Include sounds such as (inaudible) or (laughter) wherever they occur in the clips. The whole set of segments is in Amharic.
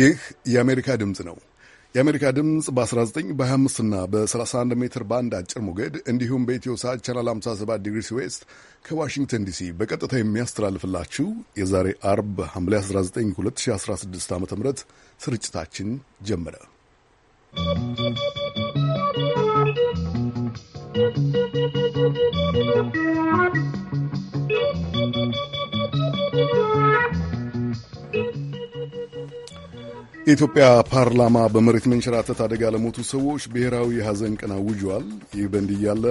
ይህ የአሜሪካ ድምፅ ነው። የአሜሪካ ድምፅ በ19 በ25 እና በ31 ሜትር ባንድ አጭር ሞገድ እንዲሁም በኢትዮ ሰዓት ቻናል 57 ዲግሪ ዌስት ከዋሽንግተን ዲሲ በቀጥታ የሚያስተላልፍላችሁ የዛሬ አርብ ሐምሌ 19 2016 ዓ ም ስርጭታችን ጀመረ። ¶¶ የኢትዮጵያ ፓርላማ በመሬት መንሸራተት አደጋ ለሞቱ ሰዎች ብሔራዊ ሀዘን ቅና አውጇል። ይህ በእንዲህ እያለ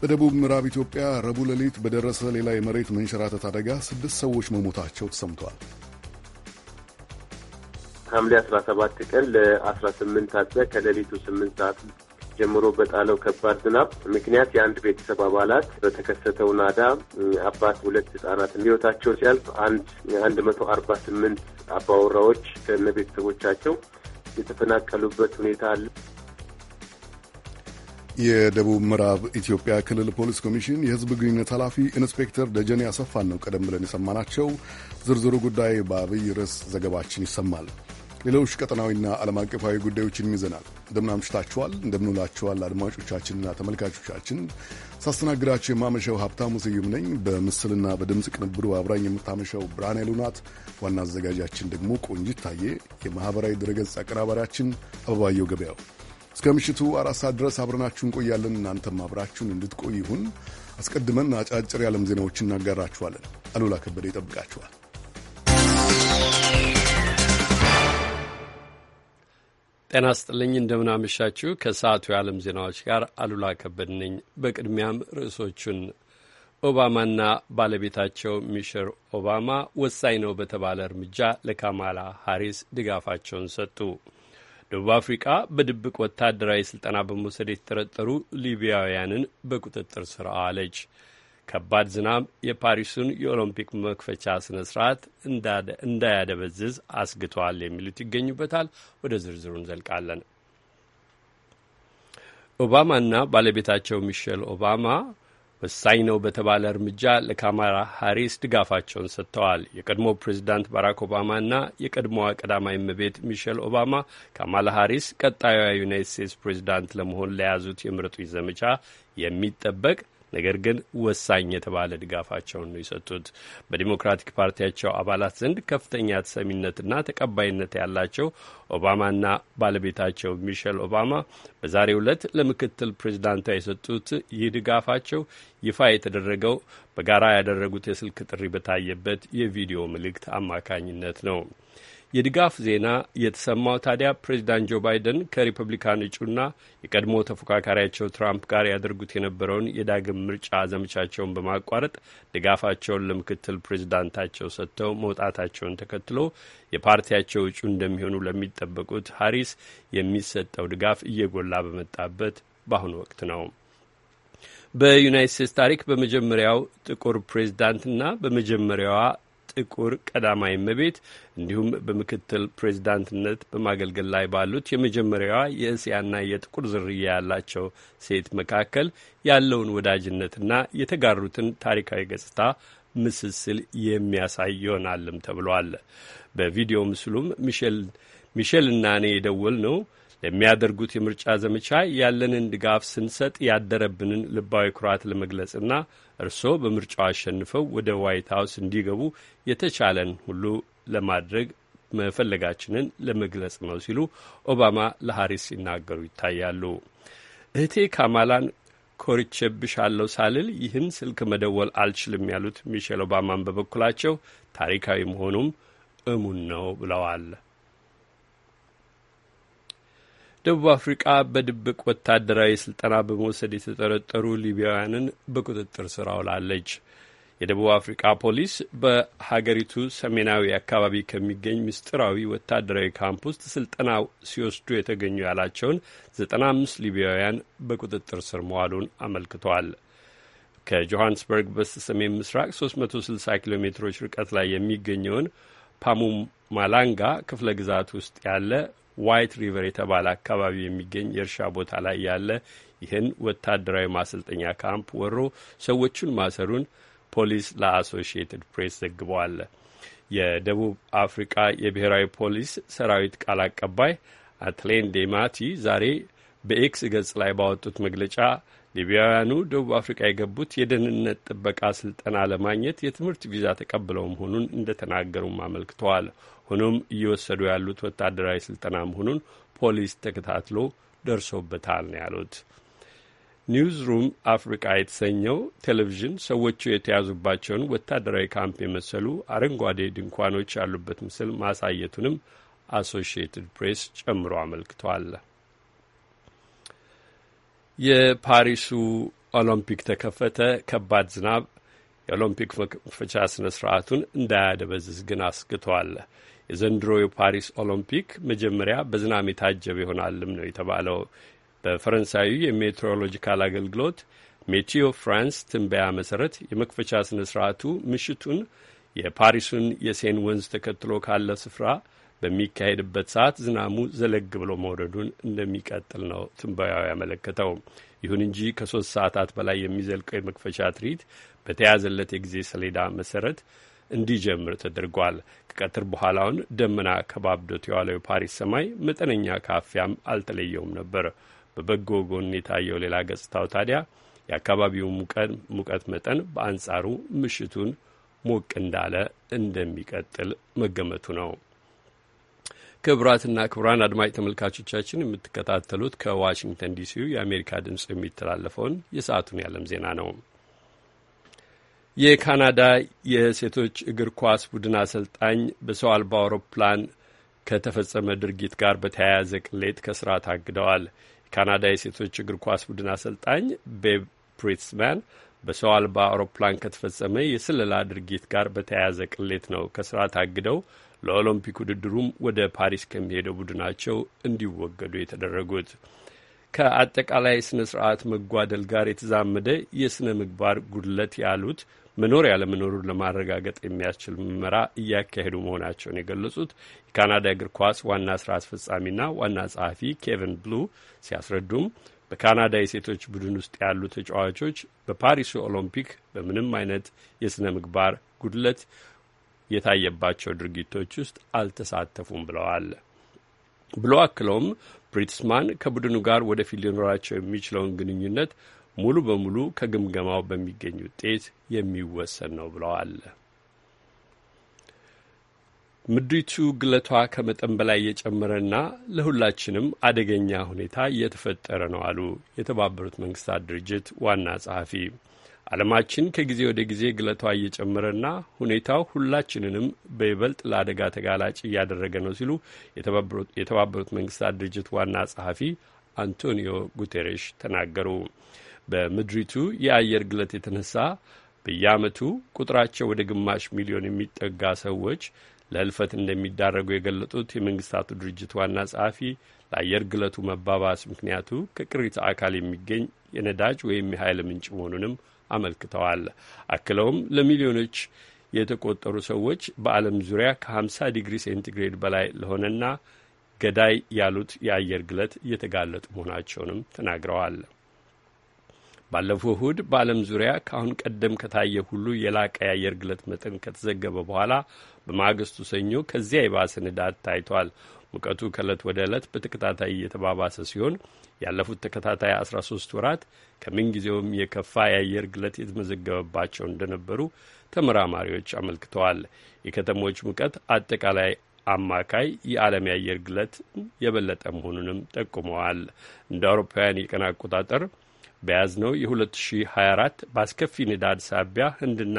በደቡብ ምዕራብ ኢትዮጵያ ረቡዕ ሌሊት በደረሰ ሌላ የመሬት መንሸራተት አደጋ ስድስት ሰዎች መሞታቸው ተሰምቷል። ሐምሌ 17 ቀን ለ18 አጥበ ከሌሊቱ 8 ሰዓት ጀምሮ በጣለው ከባድ ዝናብ ምክንያት የአንድ ቤተሰብ አባላት በተከሰተው ናዳ አባት ሁለት ህጻናት ህይወታቸው ሲያልፍ አንድ አንድ መቶ አርባ ስምንት አባወራዎች ከነ ቤተሰቦቻቸው የተፈናቀሉበት ሁኔታ አለ። የደቡብ ምዕራብ ኢትዮጵያ ክልል ፖሊስ ኮሚሽን የህዝብ ግንኙነት ኃላፊ ኢንስፔክተር ደጀኔ አሰፋን ነው ቀደም ብለን የሰማናቸው። ዝርዝሩ ጉዳይ በአብይ ርዕስ ዘገባችን ይሰማል። ሌሎች ቀጠናዊና ዓለም አቀፋዊ ጉዳዮችን ይዘናል። እንደምናምሽታችኋል፣ እንደምንውላችኋል አድማጮቻችንና ተመልካቾቻችን ሳስተናግዳችሁ የማመሻው ሀብታሙ ስዩም ነኝ። በምስልና በድምፅ ቅንብሩ አብራኝ የምታመሻው ብርሃን ኃይሉ ናት። ዋና አዘጋጃችን ደግሞ ቆንጂት ታዬ፣ የማኅበራዊ ድረገጽ አቀናባሪያችን አበባየው ገበያው። እስከ ምሽቱ አራት ሰዓት ድረስ አብረናችሁ እንቆያለን። እናንተም አብራችሁን እንድትቆይ ይሁን። አስቀድመን አጫጭር የዓለም ዜናዎችን እናጋራችኋለን። አሉላ ከበደ ይጠብቃችኋል። ጤና ስጥልኝ እንደምናመሻችሁ። ከሰዓቱ የዓለም ዜናዎች ጋር አሉላ ከበድ ነኝ። በቅድሚያም ርዕሶቹን ኦባማና ባለቤታቸው ሚሽር ኦባማ ወሳኝ ነው በተባለ እርምጃ ለካማላ ሀሪስ ድጋፋቸውን ሰጡ። ደቡብ አፍሪቃ በድብቅ ወታደራዊ ስልጠና በመውሰድ የተጠረጠሩ ሊቢያውያንን በቁጥጥር ስር አዋለች። ከባድ ዝናብ የፓሪሱን የኦሎምፒክ መክፈቻ ስነ ስርዓት እንዳያደበዝዝ አስግቷል የሚሉት ይገኙበታል። ወደ ዝርዝሩ እንዘልቃለን። ኦባማና ባለቤታቸው ሚሼል ኦባማ ወሳኝ ነው በተባለ እርምጃ ለካማላ ሃሪስ ድጋፋቸውን ሰጥተዋል። የቀድሞ ፕሬዚዳንት ባራክ ኦባማና የቀድሞዋ ቀዳማዊ እመቤት ሚሼል ኦባማ ካማላ ሃሪስ ቀጣዩዋ ዩናይት ስቴትስ ፕሬዚዳንት ለመሆን ለያዙት የምረጡኝ ዘመቻ የሚጠበቅ ነገር ግን ወሳኝ የተባለ ድጋፋቸውን ነው የሰጡት። በዲሞክራቲክ ፓርቲያቸው አባላት ዘንድ ከፍተኛ ተሰሚነትና ተቀባይነት ያላቸው ኦባማና ባለቤታቸው ሚሸል ኦባማ በዛሬው ዕለት ለምክትል ፕሬዚዳንቷ የሰጡት ይህ ድጋፋቸው ይፋ የተደረገው በጋራ ያደረጉት የስልክ ጥሪ በታየበት የቪዲዮ መልእክት አማካኝነት ነው። የድጋፍ ዜና የተሰማው ታዲያ ፕሬዚዳንት ጆ ባይደን ከሪፐብሊካን እጩና የቀድሞ ተፎካካሪያቸው ትራምፕ ጋር ያደርጉት የነበረውን የዳግም ምርጫ ዘመቻቸውን በማቋረጥ ድጋፋቸውን ለምክትል ፕሬዚዳንታቸው ሰጥተው መውጣታቸውን ተከትሎ የፓርቲያቸው እጩ እንደሚሆኑ ለሚጠበቁት ሀሪስ የሚሰጠው ድጋፍ እየጎላ በመጣበት በአሁኑ ወቅት ነው። በዩናይት ስቴትስ ታሪክ በመጀመሪያው ጥቁር ፕሬዚዳንትና በመጀመሪያዋ ጥቁር ቀዳማዊ እመቤት እንዲሁም በምክትል ፕሬዚዳንትነት በማገልገል ላይ ባሉት የመጀመሪያዋ የእስያና የጥቁር ዝርያ ያላቸው ሴት መካከል ያለውን ወዳጅነትና የተጋሩትን ታሪካዊ ገጽታ ምስስል የሚያሳይ ይሆናልም ተብሏል። በቪዲዮ ምስሉም ሚሼል እና እኔ የደወል ነው ለሚያደርጉት የምርጫ ዘመቻ ያለንን ድጋፍ ስንሰጥ ያደረብንን ልባዊ ኩራት ለመግለጽና እርስዎ በምርጫው አሸንፈው ወደ ዋይት ሀውስ እንዲገቡ የተቻለን ሁሉ ለማድረግ መፈለጋችንን ለመግለጽ ነው ሲሉ ኦባማ ለሀሪስ ሲናገሩ ይታያሉ። እህቴ ካማላን ኮርቼብሻለሁ ሳልል ይህን ስልክ መደወል አልችልም ያሉት ሚሼል ኦባማን በበኩላቸው ታሪካዊ መሆኑም እሙን ነው ብለዋል። ደቡብ አፍሪቃ በድብቅ ወታደራዊ ስልጠና በመውሰድ የተጠረጠሩ ሊቢያውያንን በቁጥጥር ስር አውላለች። የደቡብ አፍሪቃ ፖሊስ በሀገሪቱ ሰሜናዊ አካባቢ ከሚገኝ ምስጢራዊ ወታደራዊ ካምፕ ውስጥ ስልጠና ሲወስዱ የተገኙ ያላቸውን 95 ሊቢያውያን በቁጥጥር ስር መዋሉን አመልክቷል። ከጆሃንስበርግ በስተ ሰሜን ምስራቅ 360 ኪሎ ሜትሮች ርቀት ላይ የሚገኘውን ፓሙማላንጋ ክፍለ ግዛት ውስጥ ያለ ዋይት ሪቨር የተባለ አካባቢ የሚገኝ የእርሻ ቦታ ላይ ያለ ይህን ወታደራዊ ማሰልጠኛ ካምፕ ወሮ ሰዎቹን ማሰሩን ፖሊስ ለአሶሺየትድ ፕሬስ ዘግበዋል። የደቡብ አፍሪቃ የብሔራዊ ፖሊስ ሰራዊት ቃል አቀባይ አትሌን ዴማቲ ዛሬ በኤክስ ገጽ ላይ ባወጡት መግለጫ ሊቢያውያኑ ደቡብ አፍሪካ የገቡት የደህንነት ጥበቃ ስልጠና ለማግኘት የትምህርት ቪዛ ተቀብለው መሆኑን እንደተናገሩም አመልክተዋል። ሆኖም እየወሰዱ ያሉት ወታደራዊ ስልጠና መሆኑን ፖሊስ ተከታትሎ ደርሶበታል ነው ያሉት። ኒውዝ ሩም አፍሪቃ የተሰኘው ቴሌቪዥን ሰዎቹ የተያዙባቸውን ወታደራዊ ካምፕ የመሰሉ አረንጓዴ ድንኳኖች ያሉበት ምስል ማሳየቱንም አሶሺየትድ ፕሬስ ጨምሮ አመልክቷል። የፓሪሱ ኦሎምፒክ ተከፈተ። ከባድ ዝናብ የኦሎምፒክ መክፈቻ ስነ ስርዓቱን እንዳያደበዝዝ ግን አስግቷል። የዘንድሮ የፓሪስ ኦሎምፒክ መጀመሪያ በዝናም የታጀበ ይሆናልም ነው የተባለው። በፈረንሳዩ የሜትሮሎጂካል አገልግሎት ሜቲዮ ፍራንስ ትንበያ መሰረት የመክፈቻ ስነ ስርዓቱ ምሽቱን የፓሪሱን የሴን ወንዝ ተከትሎ ካለ ስፍራ በሚካሄድበት ሰዓት ዝናሙ ዘለግ ብሎ መውረዱን እንደሚቀጥል ነው ትንበያው ያመለከተው። ይሁን እንጂ ከሶስት ሰዓታት በላይ የሚዘልቀው የመክፈቻ ትርኢት በተያዘለት የጊዜ ሰሌዳ መሰረት እንዲጀምር ተደርጓል። ከቀትር በኋላውን ደመና ከባብዶት የዋለው የፓሪስ ሰማይ መጠነኛ ካፊያም አልተለየውም ነበር። በበጎ ጎን የታየው ሌላ ገጽታው ታዲያ የአካባቢው ሙቀት መጠን በአንጻሩ ምሽቱን ሞቅ እንዳለ እንደሚቀጥል መገመቱ ነው። ክቡራትና ክቡራን አድማጭ ተመልካቾቻችን የምትከታተሉት ከዋሽንግተን ዲሲው የአሜሪካ ድምፅ የሚተላለፈውን የሰዓቱን የዓለም ዜና ነው። የካናዳ የሴቶች እግር ኳስ ቡድን አሰልጣኝ በሰው አልባ አውሮፕላን ከተፈጸመ ድርጊት ጋር በተያያዘ ቅሌት ከስራ ታግደዋል። የካናዳ የሴቶች እግር ኳስ ቡድን አሰልጣኝ ቤብ ፕሪትስማን በሰው አልባ አውሮፕላን ከተፈጸመ የስለላ ድርጊት ጋር በተያያዘ ቅሌት ነው ከስራ ታግደው ለኦሎምፒክ ውድድሩም ወደ ፓሪስ ከሚሄደው ቡድናቸው እንዲወገዱ የተደረጉት ከአጠቃላይ ስነ ስርዓት መጓደል ጋር የተዛመደ የስነ ምግባር ጉድለት ያሉት መኖር ያለመኖሩን ለማረጋገጥ የሚያስችል ምርመራ እያካሄዱ መሆናቸውን የገለጹት የካናዳ እግር ኳስ ዋና ስራ አስፈጻሚና ዋና ጸሐፊ ኬቨን ብሉ ሲያስረዱም በካናዳ የሴቶች ቡድን ውስጥ ያሉ ተጫዋቾች በፓሪሱ ኦሎምፒክ በምንም አይነት የሥነ ምግባር ጉድለት የታየባቸው ድርጊቶች ውስጥ አልተሳተፉም ብለዋል። ብሎ አክለውም ብሪትስማን ከቡድኑ ጋር ወደፊት ሊኖራቸው የሚችለውን ግንኙነት ሙሉ በሙሉ ከግምገማው በሚገኝ ውጤት የሚወሰን ነው ብለዋል። ምድሪቱ ግለቷ ከመጠን በላይ የጨመረና ለሁላችንም አደገኛ ሁኔታ እየተፈጠረ ነው አሉ የተባበሩት መንግስታት ድርጅት ዋና ጸሐፊ። ዓለማችን ከጊዜ ወደ ጊዜ ግለቷ እየጨመረና ሁኔታው ሁላችንንም በይበልጥ ለአደጋ ተጋላጭ እያደረገ ነው ሲሉ የተባበሩት መንግስታት ድርጅት ዋና ጸሐፊ አንቶኒዮ ጉቴሬሽ ተናገሩ። በምድሪቱ የአየር ግለት የተነሳ በየዓመቱ ቁጥራቸው ወደ ግማሽ ሚሊዮን የሚጠጋ ሰዎች ለልፈት እንደሚዳረጉ የገለጡት የመንግስታቱ ድርጅት ዋና ጸሐፊ ለአየር ግለቱ መባባስ ምክንያቱ ከቅሪተ አካል የሚገኝ የነዳጅ ወይም የኃይል ምንጭ መሆኑንም አመልክተዋል። አክለውም ለሚሊዮኖች የተቆጠሩ ሰዎች በዓለም ዙሪያ ከ50 ዲግሪ ሴንቲግሬድ በላይ ለሆነና ገዳይ ያሉት የአየር ግለት እየተጋለጡ መሆናቸውንም ተናግረዋል። ባለፈው እሁድ በዓለም ዙሪያ ከአሁን ቀደም ከታየ ሁሉ የላቀ የአየር ግለት መጠን ከተዘገበ በኋላ በማግስቱ ሰኞ ከዚያ የባሰ ንዳድ ታይቷል። ሙቀቱ ከእለት ወደ ዕለት በተከታታይ እየተባባሰ ሲሆን ያለፉት ተከታታይ 13 ወራት ከምንጊዜውም የከፋ የአየር ግለት የተመዘገበባቸው እንደነበሩ ተመራማሪዎች አመልክተዋል። የከተሞች ሙቀት አጠቃላይ አማካይ የዓለም የአየር ግለት የበለጠ መሆኑንም ጠቁመዋል። እንደ አውሮፓውያን የቀን አቆጣጠር በያዝነው የ2024 በአስከፊ ንዳድ ሳቢያ ህንድና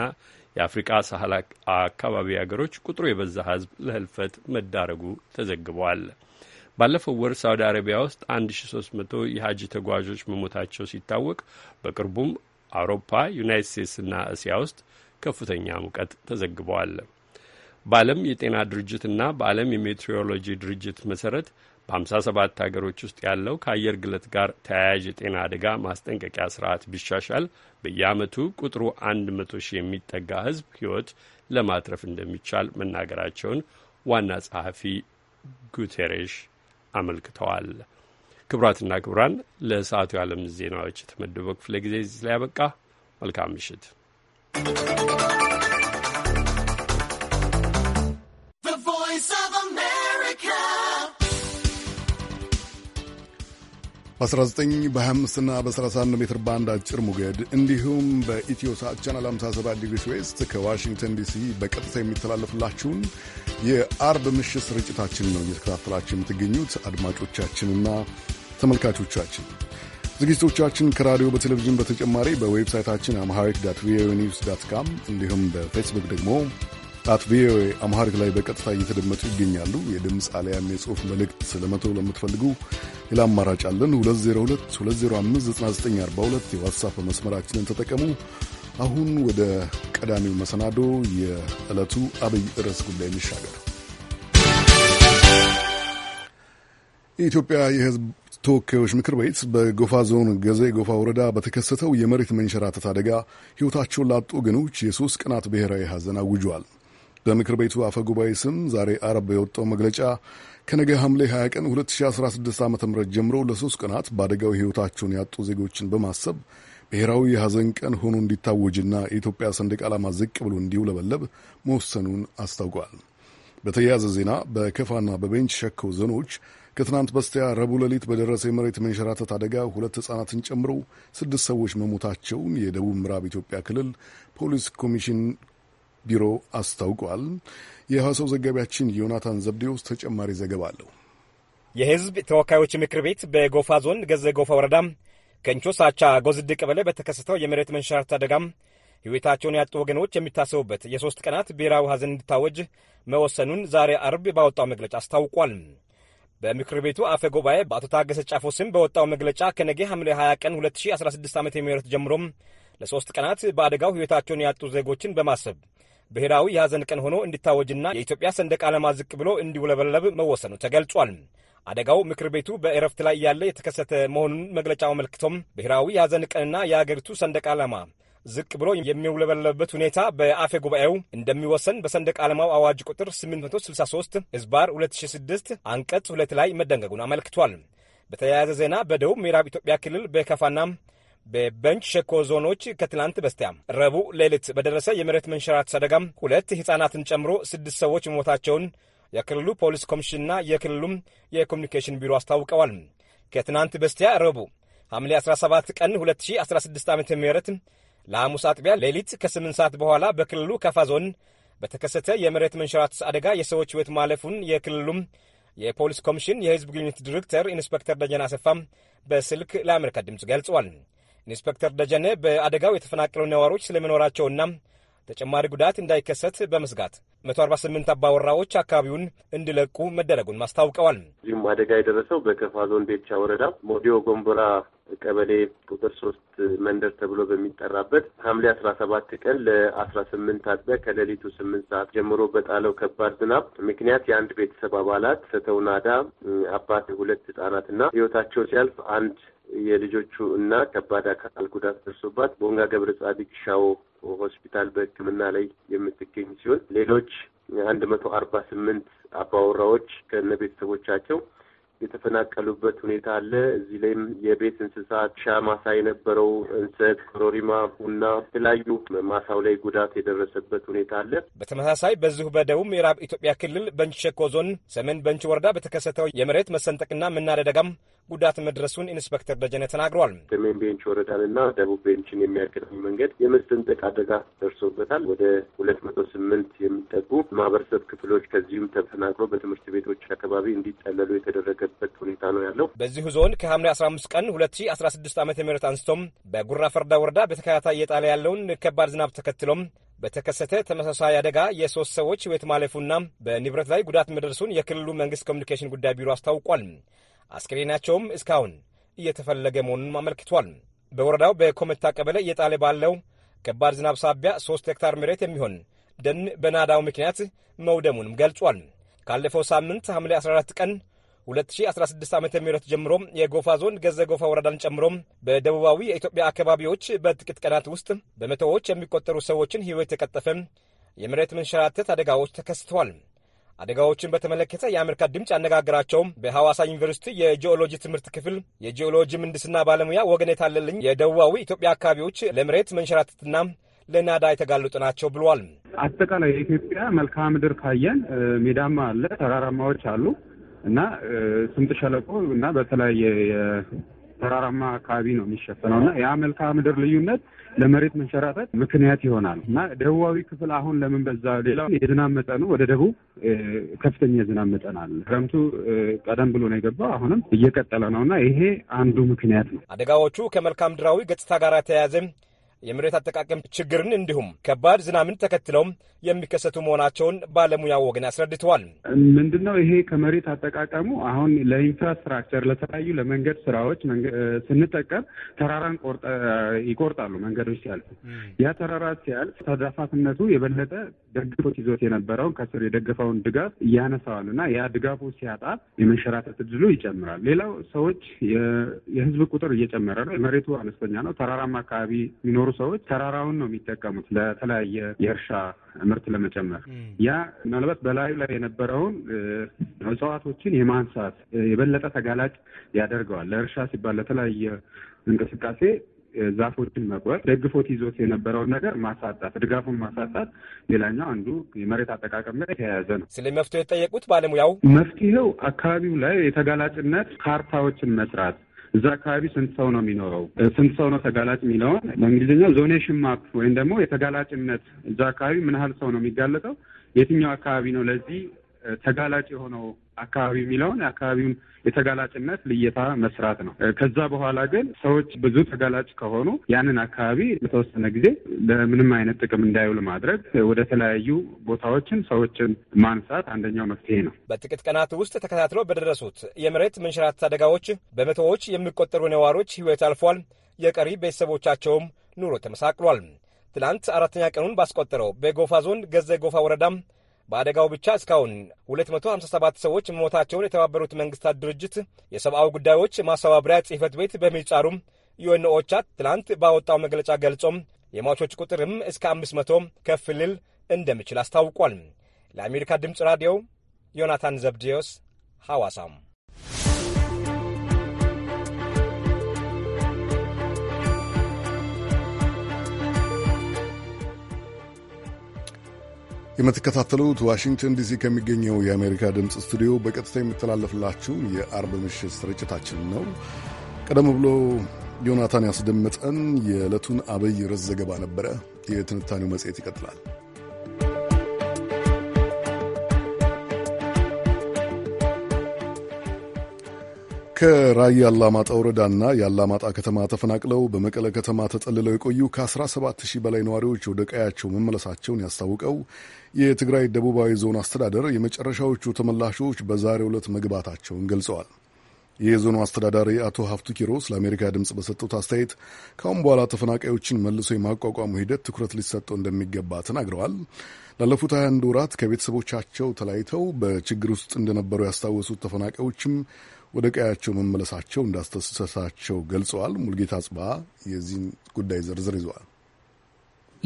የአፍሪቃ ሳህል አካባቢ አገሮች ቁጥሩ የበዛ ህዝብ ለህልፈት መዳረጉ ተዘግቧል። ባለፈው ወር ሳውዲ አረቢያ ውስጥ 1300 የሀጅ ተጓዦች መሞታቸው ሲታወቅ በቅርቡም አውሮፓ፣ ዩናይት ስቴትስና እስያ ውስጥ ከፍተኛ ሙቀት ተዘግበዋል። በዓለም የጤና ድርጅትና በዓለም የሜትሮሎጂ ድርጅት መሰረት በ57 ሀገሮች ውስጥ ያለው ከአየር ግለት ጋር ተያያዥ የጤና አደጋ ማስጠንቀቂያ ስርዓት ቢሻሻል በየዓመቱ ቁጥሩ 100 ሺህ የሚጠጋ ህዝብ ሕይወት ለማትረፍ እንደሚቻል መናገራቸውን ዋና ጸሐፊ ጉቴሬሽ አመልክተዋል። ክቡራትና ክቡራን ለሰዓቱ የዓለም ዜናዎች የተመደበው ክፍለ ጊዜ እዚህ ላይ ያበቃ። መልካም ምሽት። በ19 በ25 እና በ31 ሜትር ባንድ አጭር ሞገድ እንዲሁም በኢትዮሳት ቻናል 57 ዲግሪስ ዌስት ከዋሽንግተን ዲሲ በቀጥታ የሚተላለፍላችሁን የአርብ ምሽት ስርጭታችን ነው እየተከታተላችሁ የምትገኙት አድማጮቻችንና ተመልካቾቻችን። ዝግጅቶቻችን ከራዲዮ በቴሌቪዥን በተጨማሪ በዌብሳይታችን አምሃሪክ ዳት ቪኦኤ ኒውስ ዳት ካም እንዲሁም በፌስቡክ ደግሞ አት ቪኦኤ አምሃሪክ ላይ በቀጥታ እየተደመጡ ይገኛሉ። የድምፅ አሊያም የጽሑፍ መልእክት ለመተው ለምትፈልጉ ሌላ አማራጭ አለን። 2022059942 የዋትሳፕ መስመራችንን ተጠቀሙ። አሁን ወደ ቀዳሚው መሰናዶ የዕለቱ አብይ ርዕስ ጉዳይ እንሻገር። የኢትዮጵያ የሕዝብ ተወካዮች ምክር ቤት በጎፋ ዞን ገዜ ጎፋ ወረዳ በተከሰተው የመሬት መንሸራተት አደጋ ሕይወታቸውን ላጡ ወገኖች የሶስት ቀናት ብሔራዊ ሐዘን አውጇል። በምክር ቤቱ አፈ ጉባኤ ስም ዛሬ አረብ የወጣው መግለጫ ከነገ ሐምሌ 20 ቀን 2016 ዓ ም ጀምሮ ለሶስት ቀናት በአደጋው ሕይወታቸውን ያጡ ዜጎችን በማሰብ ብሔራዊ የሐዘን ቀን ሆኖ እንዲታወጅና የኢትዮጵያ ሰንደቅ ዓላማ ዝቅ ብሎ እንዲውለበለብ መወሰኑን አስታውቋል። በተያያዘ ዜና በከፋና በቤንች ሸኮ ዞኖች ከትናንት በስቲያ ረቡዕ ሌሊት በደረሰ የመሬት መንሸራተት አደጋ ሁለት ሕፃናትን ጨምሮ ስድስት ሰዎች መሞታቸውን የደቡብ ምዕራብ ኢትዮጵያ ክልል ፖሊስ ኮሚሽን ቢሮ አስታውቋል። የሐዋሳው ዘጋቢያችን ዮናታን ዘብዴዎስ ተጨማሪ ዘገባ አለው። የህዝብ ተወካዮች ምክር ቤት በጎፋ ዞን ገዘ ጎፋ ወረዳ ከንቾ ሳቻ ጎዝድ ቀበሌ በተከሰተው የመሬት መንሸራተት አደጋ ሕይወታቸውን ያጡ ወገኖች የሚታሰቡበት የሦስት ቀናት ብሔራዊ ሐዘን እንዲታወጅ መወሰኑን ዛሬ አርብ ባወጣው መግለጫ አስታውቋል። በምክር ቤቱ አፈ ጉባኤ በአቶ ታገሰ ጫፎ ስም በወጣው መግለጫ ከነገ ሐምሌ 20 ቀን 2016 ዓ ም ጀምሮም ለሦስት ቀናት በአደጋው ሕይወታቸውን ያጡ ዜጎችን በማሰብ ብሔራዊ የሐዘን ቀን ሆኖ እንዲታወጅና የኢትዮጵያ ሰንደቅ ዓላማ ዝቅ ብሎ እንዲውለበለብ መወሰኑ ተገልጿል። አደጋው ምክር ቤቱ በእረፍት ላይ ያለ የተከሰተ መሆኑን መግለጫው አመልክቶም ብሔራዊ የሐዘን ቀንና የአገሪቱ ሰንደቅ ዓላማ ዝቅ ብሎ የሚውለበለብበት ሁኔታ በአፈ ጉባኤው እንደሚወሰን በሰንደቅ ዓላማው አዋጅ ቁጥር 863 ህዝባር 2006 አንቀጽ 2 ላይ መደንገጉን አመልክቷል። በተያያዘ ዜና በደቡብ ምዕራብ ኢትዮጵያ ክልል በከፋና በበንች ሸኮ ዞኖች ከትላንት በስቲያ ረቡዕ ሌሊት በደረሰ የመሬት መንሸራት አደጋም ሁለት ሕፃናትን ጨምሮ ስድስት ሰዎች ሞታቸውን የክልሉ ፖሊስ ኮሚሽንና የክልሉም የኮሚኒኬሽን ቢሮ አስታውቀዋል። ከትናንት በስቲያ ረቡዕ ሐምሌ 17 ቀን 2016 ዓ ም ለሐሙስ አጥቢያ ሌሊት ከ8 ሰዓት በኋላ በክልሉ ከፋ ዞን በተከሰተ የመሬት መንሸራት አደጋ የሰዎች ሕይወት ማለፉን የክልሉም የፖሊስ ኮሚሽን የሕዝብ ግንኙነት ዲሬክተር ኢንስፔክተር ደጀን አሰፋም በስልክ ለአሜሪካ ድምፅ ገልጸዋል። ኢንስፔክተር ደጀነ በአደጋው የተፈናቀሉ ነዋሪዎች ስለመኖራቸውና ተጨማሪ ጉዳት እንዳይከሰት በመስጋት 148 አባወራዎች አካባቢውን እንዲለቁ መደረጉን ማስታውቀዋል። ይህም አደጋ የደረሰው በከፋ ዞን ቤቻ ወረዳ ሞዲዮ ጎንቦራ ቀበሌ ቁጥር ሶስት መንደር ተብሎ በሚጠራበት ሐምሌ አስራ ሰባት ቀን ለአስራ ስምንት አጥቢያ ከሌሊቱ ስምንት ሰዓት ጀምሮ በጣለው ከባድ ዝናብ ምክንያት የአንድ ቤተሰብ አባላት ሰተውናዳ አባት፣ ሁለት ህጻናት ህይወታቸው ሲያልፍ አንድ የልጆቹ እና ከባድ አካል ጉዳት ደርሶባት ቦንጋ ገብረ ጻዲቅ ሻዎ ሆስፒታል በሕክምና ላይ የምትገኝ ሲሆን ሌሎች አንድ መቶ አርባ ስምንት አባወራዎች ከነ ቤተሰቦቻቸው የተፈናቀሉበት ሁኔታ አለ። እዚህ ላይም የቤት እንስሳት ሻ ማሳ የነበረው እንሰት፣ ኮሮሪማ፣ ቡና የተለያዩ ማሳው ላይ ጉዳት የደረሰበት ሁኔታ አለ። በተመሳሳይ በዚሁ በደቡብ ምዕራብ ኢትዮጵያ ክልል በንች ሸኮ ዞን ሰሜን በንች ወረዳ በተከሰተው የመሬት መሰንጠቅና መናደደጋም ጉዳት መድረሱን ኢንስፔክተር ደጀነ ተናግሯል። ሰሜን ቤንች ወረዳንና ደቡብ ቤንችን የሚያገናኝ መንገድ የመሰንጠቅ አደጋ ደርሶበታል። ወደ ሁለት መቶ ስምንት የሚጠጉ ማህበረሰብ ክፍሎች ከዚሁም ተፈናቅሎ በትምህርት ቤቶች አካባቢ እንዲጠለሉ የተደረገ የተደረገበት ሁኔታ ነው ያለው። በዚሁ ዞን ከሐምሌ አስራ አምስት ቀን ሁለት ሺ አስራ ስድስት አንስቶም በጉራ ፈርዳ ወረዳ በተከታታይ የጣለ ያለውን ከባድ ዝናብ ተከትሎም በተከሰተ ተመሳሳይ አደጋ የሶስት ሰዎች ሕይወት ማለፉና በንብረት ላይ ጉዳት መድረሱን የክልሉ መንግስት ኮሚኒኬሽን ጉዳይ ቢሮ አስታውቋል። አስክሬናቸውም እስካሁን እየተፈለገ መሆኑንም አመልክቷል። በወረዳው በኮመታ ቀበሌ እየጣለ ባለው ከባድ ዝናብ ሳቢያ ሶስት ሄክታር መሬት የሚሆን ደን በናዳው ምክንያት መውደሙንም ገልጿል። ካለፈው ሳምንት ሐምሌ 14 ቀን 2016 ዓ ም ጀምሮ የጎፋ ዞን ገዘ ጎፋ ወረዳን ጨምሮ በደቡባዊ የኢትዮጵያ አካባቢዎች በጥቂት ቀናት ውስጥ በመቶዎች የሚቆጠሩ ሰዎችን ሕይወት የቀጠፈ የመሬት መንሸራተት አደጋዎች ተከስተዋል። አደጋዎችን በተመለከተ የአሜሪካ ድምፅ ያነጋገራቸው በሐዋሳ ዩኒቨርሲቲ የጂኦሎጂ ትምህርት ክፍል የጂኦሎጂ ምህንድስና ባለሙያ ወገን የታለልኝ የደቡባዊ ኢትዮጵያ አካባቢዎች ለመሬት መንሸራተትና ለናዳ የተጋለጡ ናቸው ብለዋል። አጠቃላይ የኢትዮጵያ መልክዓ ምድር ካየን ሜዳማ አለ፣ ተራራማዎች አሉ እና ስምጥ ሸለቆ እና በተለያየ ተራራማ አካባቢ ነው የሚሸፈነው እና ያ መልክዓ ምድር ልዩነት ለመሬት መንሸራተት ምክንያት ይሆናል እና ደቡባዊ ክፍል አሁን ለምን በዛ? ሌላው የዝናብ መጠኑ ወደ ደቡብ ከፍተኛ የዝናብ መጠን አለ። ክረምቱ ቀደም ብሎ ነው የገባው፣ አሁንም እየቀጠለ ነው እና ይሄ አንዱ ምክንያት ነው። አደጋዎቹ ከመልክዓ ገጽታ ጋር ተያያዘ የመሬት አጠቃቀም ችግርን እንዲሁም ከባድ ዝናምን ተከትለውም የሚከሰቱ መሆናቸውን ባለሙያ ወገን አስረድተዋል። ምንድን ነው ይሄ ከመሬት አጠቃቀሙ አሁን ለኢንፍራስትራክቸር ለተለያዩ ለመንገድ ስራዎች ስንጠቀም ተራራን ይቆርጣሉ። መንገዶች ሲያልፉ ያ ተራራ ሲያልፍ ተዳፋትነቱ የበለጠ ደግፎት ይዞት የነበረውን ከስር የደገፈውን ድጋፍ እያነሳዋል እና ያ ድጋፉ ሲያጣ የመንሸራተት እድሉ ይጨምራል። ሌላው ሰዎች የህዝብ ቁጥር እየጨመረ ነው። የመሬቱ አነስተኛ ነው። ተራራማ አካባቢ የሚኖሩ የሚኖሩ ሰዎች ተራራውን ነው የሚጠቀሙት ለተለያየ የእርሻ ምርት ለመጨመር። ያ ምናልባት በላዩ ላይ የነበረውን እጽዋቶችን የማንሳት የበለጠ ተጋላጭ ያደርገዋል። ለእርሻ ሲባል ለተለያየ እንቅስቃሴ ዛፎችን መቁረጥ፣ ደግፎት ይዞት የነበረውን ነገር ማሳጣት፣ ድጋፉን ማሳጣት ሌላኛው አንዱ የመሬት አጠቃቀም ላይ የተያያዘ ነው። ስለ መፍትሄ የጠየቁት ባለሙያው መፍትሄው አካባቢው ላይ የተጋላጭነት ካርታዎችን መስራት እዛ አካባቢ ስንት ሰው ነው የሚኖረው፣ ስንት ሰው ነው ተጋላጭ የሚለውን በእንግሊዝኛው ዞኔሽን ማፕ ወይም ደግሞ የተጋላጭነት እዛ አካባቢ ምን ያህል ሰው ነው የሚጋለጠው፣ የትኛው አካባቢ ነው ለዚህ ተጋላጭ የሆነው አካባቢ የሚለውን የአካባቢውን የተጋላጭነት ልየታ መስራት ነው። ከዛ በኋላ ግን ሰዎች ብዙ ተጋላጭ ከሆኑ ያንን አካባቢ ለተወሰነ ጊዜ ለምንም አይነት ጥቅም እንዳይውል ማድረግ፣ ወደ ተለያዩ ቦታዎችን ሰዎችን ማንሳት አንደኛው መፍትሄ ነው። በጥቂት ቀናት ውስጥ ተከታትለው በደረሱት የመሬት መንሸራተት አደጋዎች በመቶዎች የሚቆጠሩ ነዋሪዎች ሕይወት አልፏል። የቀሪ ቤተሰቦቻቸውም ኑሮ ተመሳቅሏል። ትላንት አራተኛ ቀኑን ባስቆጠረው በጎፋ ዞን ገዘ ጎፋ ወረዳም በአደጋው ብቻ እስካሁን 257 ሰዎች መሞታቸውን የተባበሩት መንግስታት ድርጅት የሰብአዊ ጉዳዮች ማስተባበሪያ ጽህፈት ቤት በሚጻሩም ዩኤን ኦቻ ትናንት ባወጣው መግለጫ ገልጾም የሟቾች ቁጥርም እስከ 500 ከፍ ሊል እንደሚችል አስታውቋል። ለአሜሪካ ድምፅ ራዲዮ ዮናታን ዘብዲዮስ ሐዋሳም የምትከታተሉት ዋሽንግተን ዲሲ ከሚገኘው የአሜሪካ ድምፅ ስቱዲዮ በቀጥታ የሚተላለፍላችሁን የአርብ ምሽት ስርጭታችን ነው። ቀደም ብሎ ዮናታን ያስደመጠን የዕለቱን አብይ ርዕስ ዘገባ ነበረ። የትንታኔው መጽሔት ይቀጥላል። ከራያ አላማጣ ወረዳና የአላማጣ ከተማ ተፈናቅለው በመቀለ ከተማ ተጠልለው የቆዩ ከ17 ሺህ በላይ ነዋሪዎች ወደ ቀያቸው መመለሳቸውን ያስታውቀው የትግራይ ደቡባዊ ዞን አስተዳደር የመጨረሻዎቹ ተመላሾች በዛሬው ዕለት መግባታቸውን ገልጸዋል። የዞኑ አስተዳዳሪ አቶ ሀፍቱ ኪሮስ ለአሜሪካ ድምፅ በሰጡት አስተያየት ከአሁን በኋላ ተፈናቃዮችን መልሶ የማቋቋሙ ሂደት ትኩረት ሊሰጠው እንደሚገባ ተናግረዋል። ላለፉት 21 ወራት ከቤተሰቦቻቸው ተለያይተው በችግር ውስጥ እንደነበሩ ያስታወሱት ተፈናቃዮችም ወደ ቀያቸው መመለሳቸው እንዳስተሰሳቸው ገልጸዋል። ሙልጌታ ጽባ የዚህን ጉዳይ ዝርዝር ይዘዋል።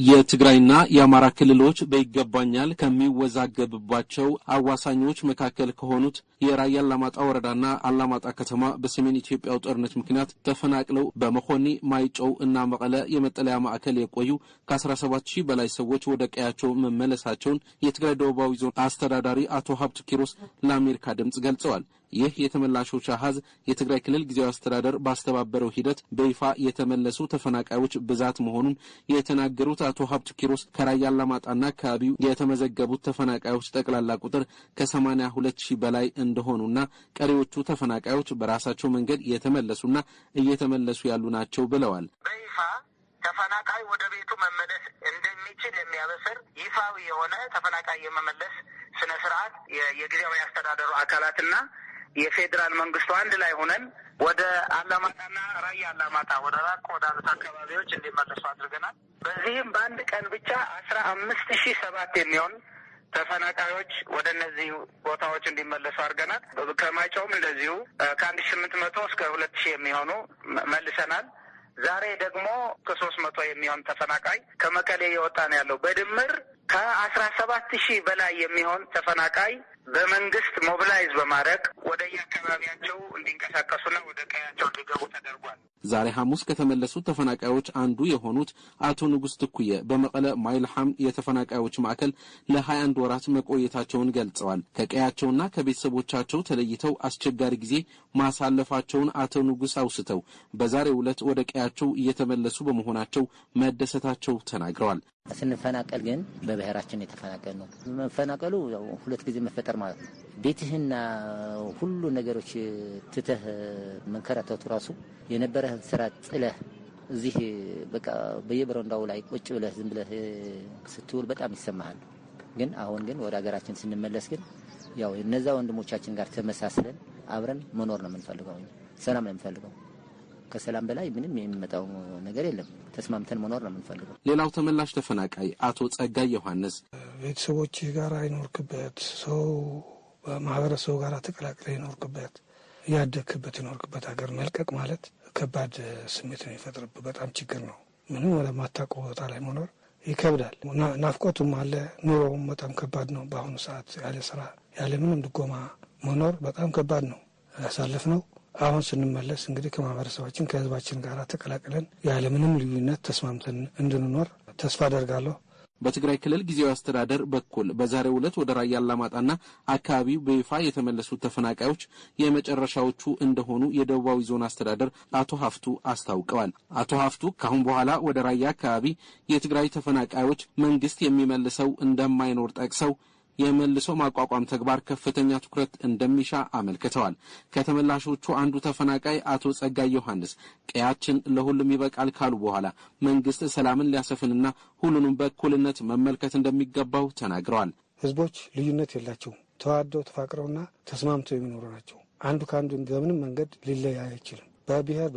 የትግራይና የአማራ ክልሎች በይገባኛል ከሚወዛገብባቸው አዋሳኞች መካከል ከሆኑት የራያ አላማጣ ወረዳና አላማጣ ከተማ በሰሜን ኢትዮጵያው ጦርነት ምክንያት ተፈናቅለው በመኮኒ ማይጨው እና መቀለ የመጠለያ ማዕከል የቆዩ ከ17 ሺህ በላይ ሰዎች ወደ ቀያቸው መመለሳቸውን የትግራይ ደቡባዊ ዞን አስተዳዳሪ አቶ ሀብት ኪሮስ ለአሜሪካ ድምጽ ገልጸዋል። ይህ የተመላሾች አሀዝ የትግራይ ክልል ጊዜያዊ አስተዳደር ባስተባበረው ሂደት በይፋ የተመለሱ ተፈናቃዮች ብዛት መሆኑን የተናገሩት አቶ ሀብት ኪሮስ ከራያ አላማጣና አካባቢው የተመዘገቡት ተፈናቃዮች ጠቅላላ ቁጥር ከ82 ሺህ በላይ እንደሆኑና ቀሪዎቹ ተፈናቃዮች በራሳቸው መንገድ እየተመለሱና እየተመለሱ ያሉ ናቸው ብለዋል። በይፋ ተፈናቃይ ወደ ቤቱ መመለስ እንደሚችል የሚያበስር ይፋዊ የሆነ ተፈናቃይ የመመለስ ስነ ስርዓት የጊዜያዊ አስተዳደሩ አካላትና የፌዴራል መንግስቱ አንድ ላይ ሆነን ወደ አላማጣና ራያ አላማጣ ወደ ራቅ ወዳሉት አካባቢዎች እንዲመለሱ አድርገናል። በዚህም በአንድ ቀን ብቻ አስራ አምስት ሺህ ሰባት የሚሆን ተፈናቃዮች ወደ እነዚህ ቦታዎች እንዲመለሱ አድርገናል። ከማይጨውም እንደዚሁ ከአንድ ስምንት መቶ እስከ ሁለት ሺህ የሚሆኑ መልሰናል። ዛሬ ደግሞ ከሶስት መቶ የሚሆን ተፈናቃይ ከመቀሌ እየወጣ ነው ያለው። በድምር ከአስራ ሰባት ሺህ በላይ የሚሆን ተፈናቃይ በመንግስት ሞብላይዝ በማድረግ ወደ የአካባቢያቸው እንዲንቀሳቀሱና ወደ ቀያቸው እንዲገቡ ተደርጓል። ዛሬ ሐሙስ ከተመለሱት ተፈናቃዮች አንዱ የሆኑት አቶ ንጉስ ትኩየ በመቀለ ማይልሐም የተፈናቃዮች ማዕከል ለሀያ አንድ ወራት መቆየታቸውን ገልጸዋል። ከቀያቸውና ከቤተሰቦቻቸው ተለይተው አስቸጋሪ ጊዜ ማሳለፋቸውን አቶ ንጉስ አውስተው በዛሬው ዕለት ወደ ቀያቸው እየተመለሱ በመሆናቸው መደሰታቸው ተናግረዋል። ስንፈናቀል ግን በብሔራችን የተፈናቀል ነው። መፈናቀሉ ሁለት ጊዜ መፈጠር ማለት ነው። ቤትህና ሁሉ ነገሮች ትተህ መንከራተቱ ራሱ የነበረህን ስራ ጥለህ እዚህ በቃ በየበረንዳው ላይ ቁጭ ብለህ ዝም ብለህ ስትውል በጣም ይሰማሃል። ግን አሁን ግን ወደ ሀገራችን ስንመለስ ግን ያው እነዛ ወንድሞቻችን ጋር ተመሳስለን አብረን መኖር ነው የምንፈልገው። ሰላም ነው የምንፈልገው። ከሰላም በላይ ምንም የሚመጣው ነገር የለም። ተስማምተን መኖር ነው የምንፈልገው። ሌላው ተመላሽ ተፈናቃይ አቶ ጸጋይ ዮሐንስ ቤተሰቦች ጋር አይኖርክበት ሰው በማህበረሰቡ ጋር ተቀላቅለ ይኖርክበት ያደግክበት ይኖርክበት ሀገር መልቀቅ ማለት ከባድ ስሜት ነው የሚፈጥርብህ። በጣም ችግር ነው። ምንም ወደማታውቀው ቦታ ላይ መኖር ይከብዳል። ናፍቆቱም አለ። ኑሮውም በጣም ከባድ ነው። በአሁኑ ሰዓት ያለ ስራ ያለ ምንም ድጎማ መኖር በጣም ከባድ ነው። ያሳለፍ ነው አሁን ስንመለስ እንግዲህ ከማህበረሰባችን ከህዝባችን ጋር ተቀላቅለን ያለምንም ልዩነት ተስማምተን እንድንኖር ተስፋ አደርጋለሁ። በትግራይ ክልል ጊዜያዊ አስተዳደር በኩል በዛሬው ዕለት ወደ ራያ አላማጣና አካባቢው በይፋ የተመለሱ ተፈናቃዮች የመጨረሻዎቹ እንደሆኑ የደቡባዊ ዞን አስተዳደር አቶ ሀፍቱ አስታውቀዋል። አቶ ሀፍቱ ካሁን በኋላ ወደ ራያ አካባቢ የትግራይ ተፈናቃዮች መንግስት የሚመልሰው እንደማይኖር ጠቅሰው የመልሶ ማቋቋም ተግባር ከፍተኛ ትኩረት እንደሚሻ አመልክተዋል። ከተመላሾቹ አንዱ ተፈናቃይ አቶ ጸጋይ ዮሐንስ ቀያችን ለሁሉም ይበቃል ካሉ በኋላ መንግስት ሰላምን ሊያሰፍንና ሁሉንም በእኩልነት መመልከት እንደሚገባው ተናግረዋል። ህዝቦች ልዩነት የላቸውም። ተዋደው ተፋቅረውና ተስማምተው የሚኖሩ ናቸው። አንዱ ከአንዱ በምንም መንገድ ሊለያ አይችልም። በብሔር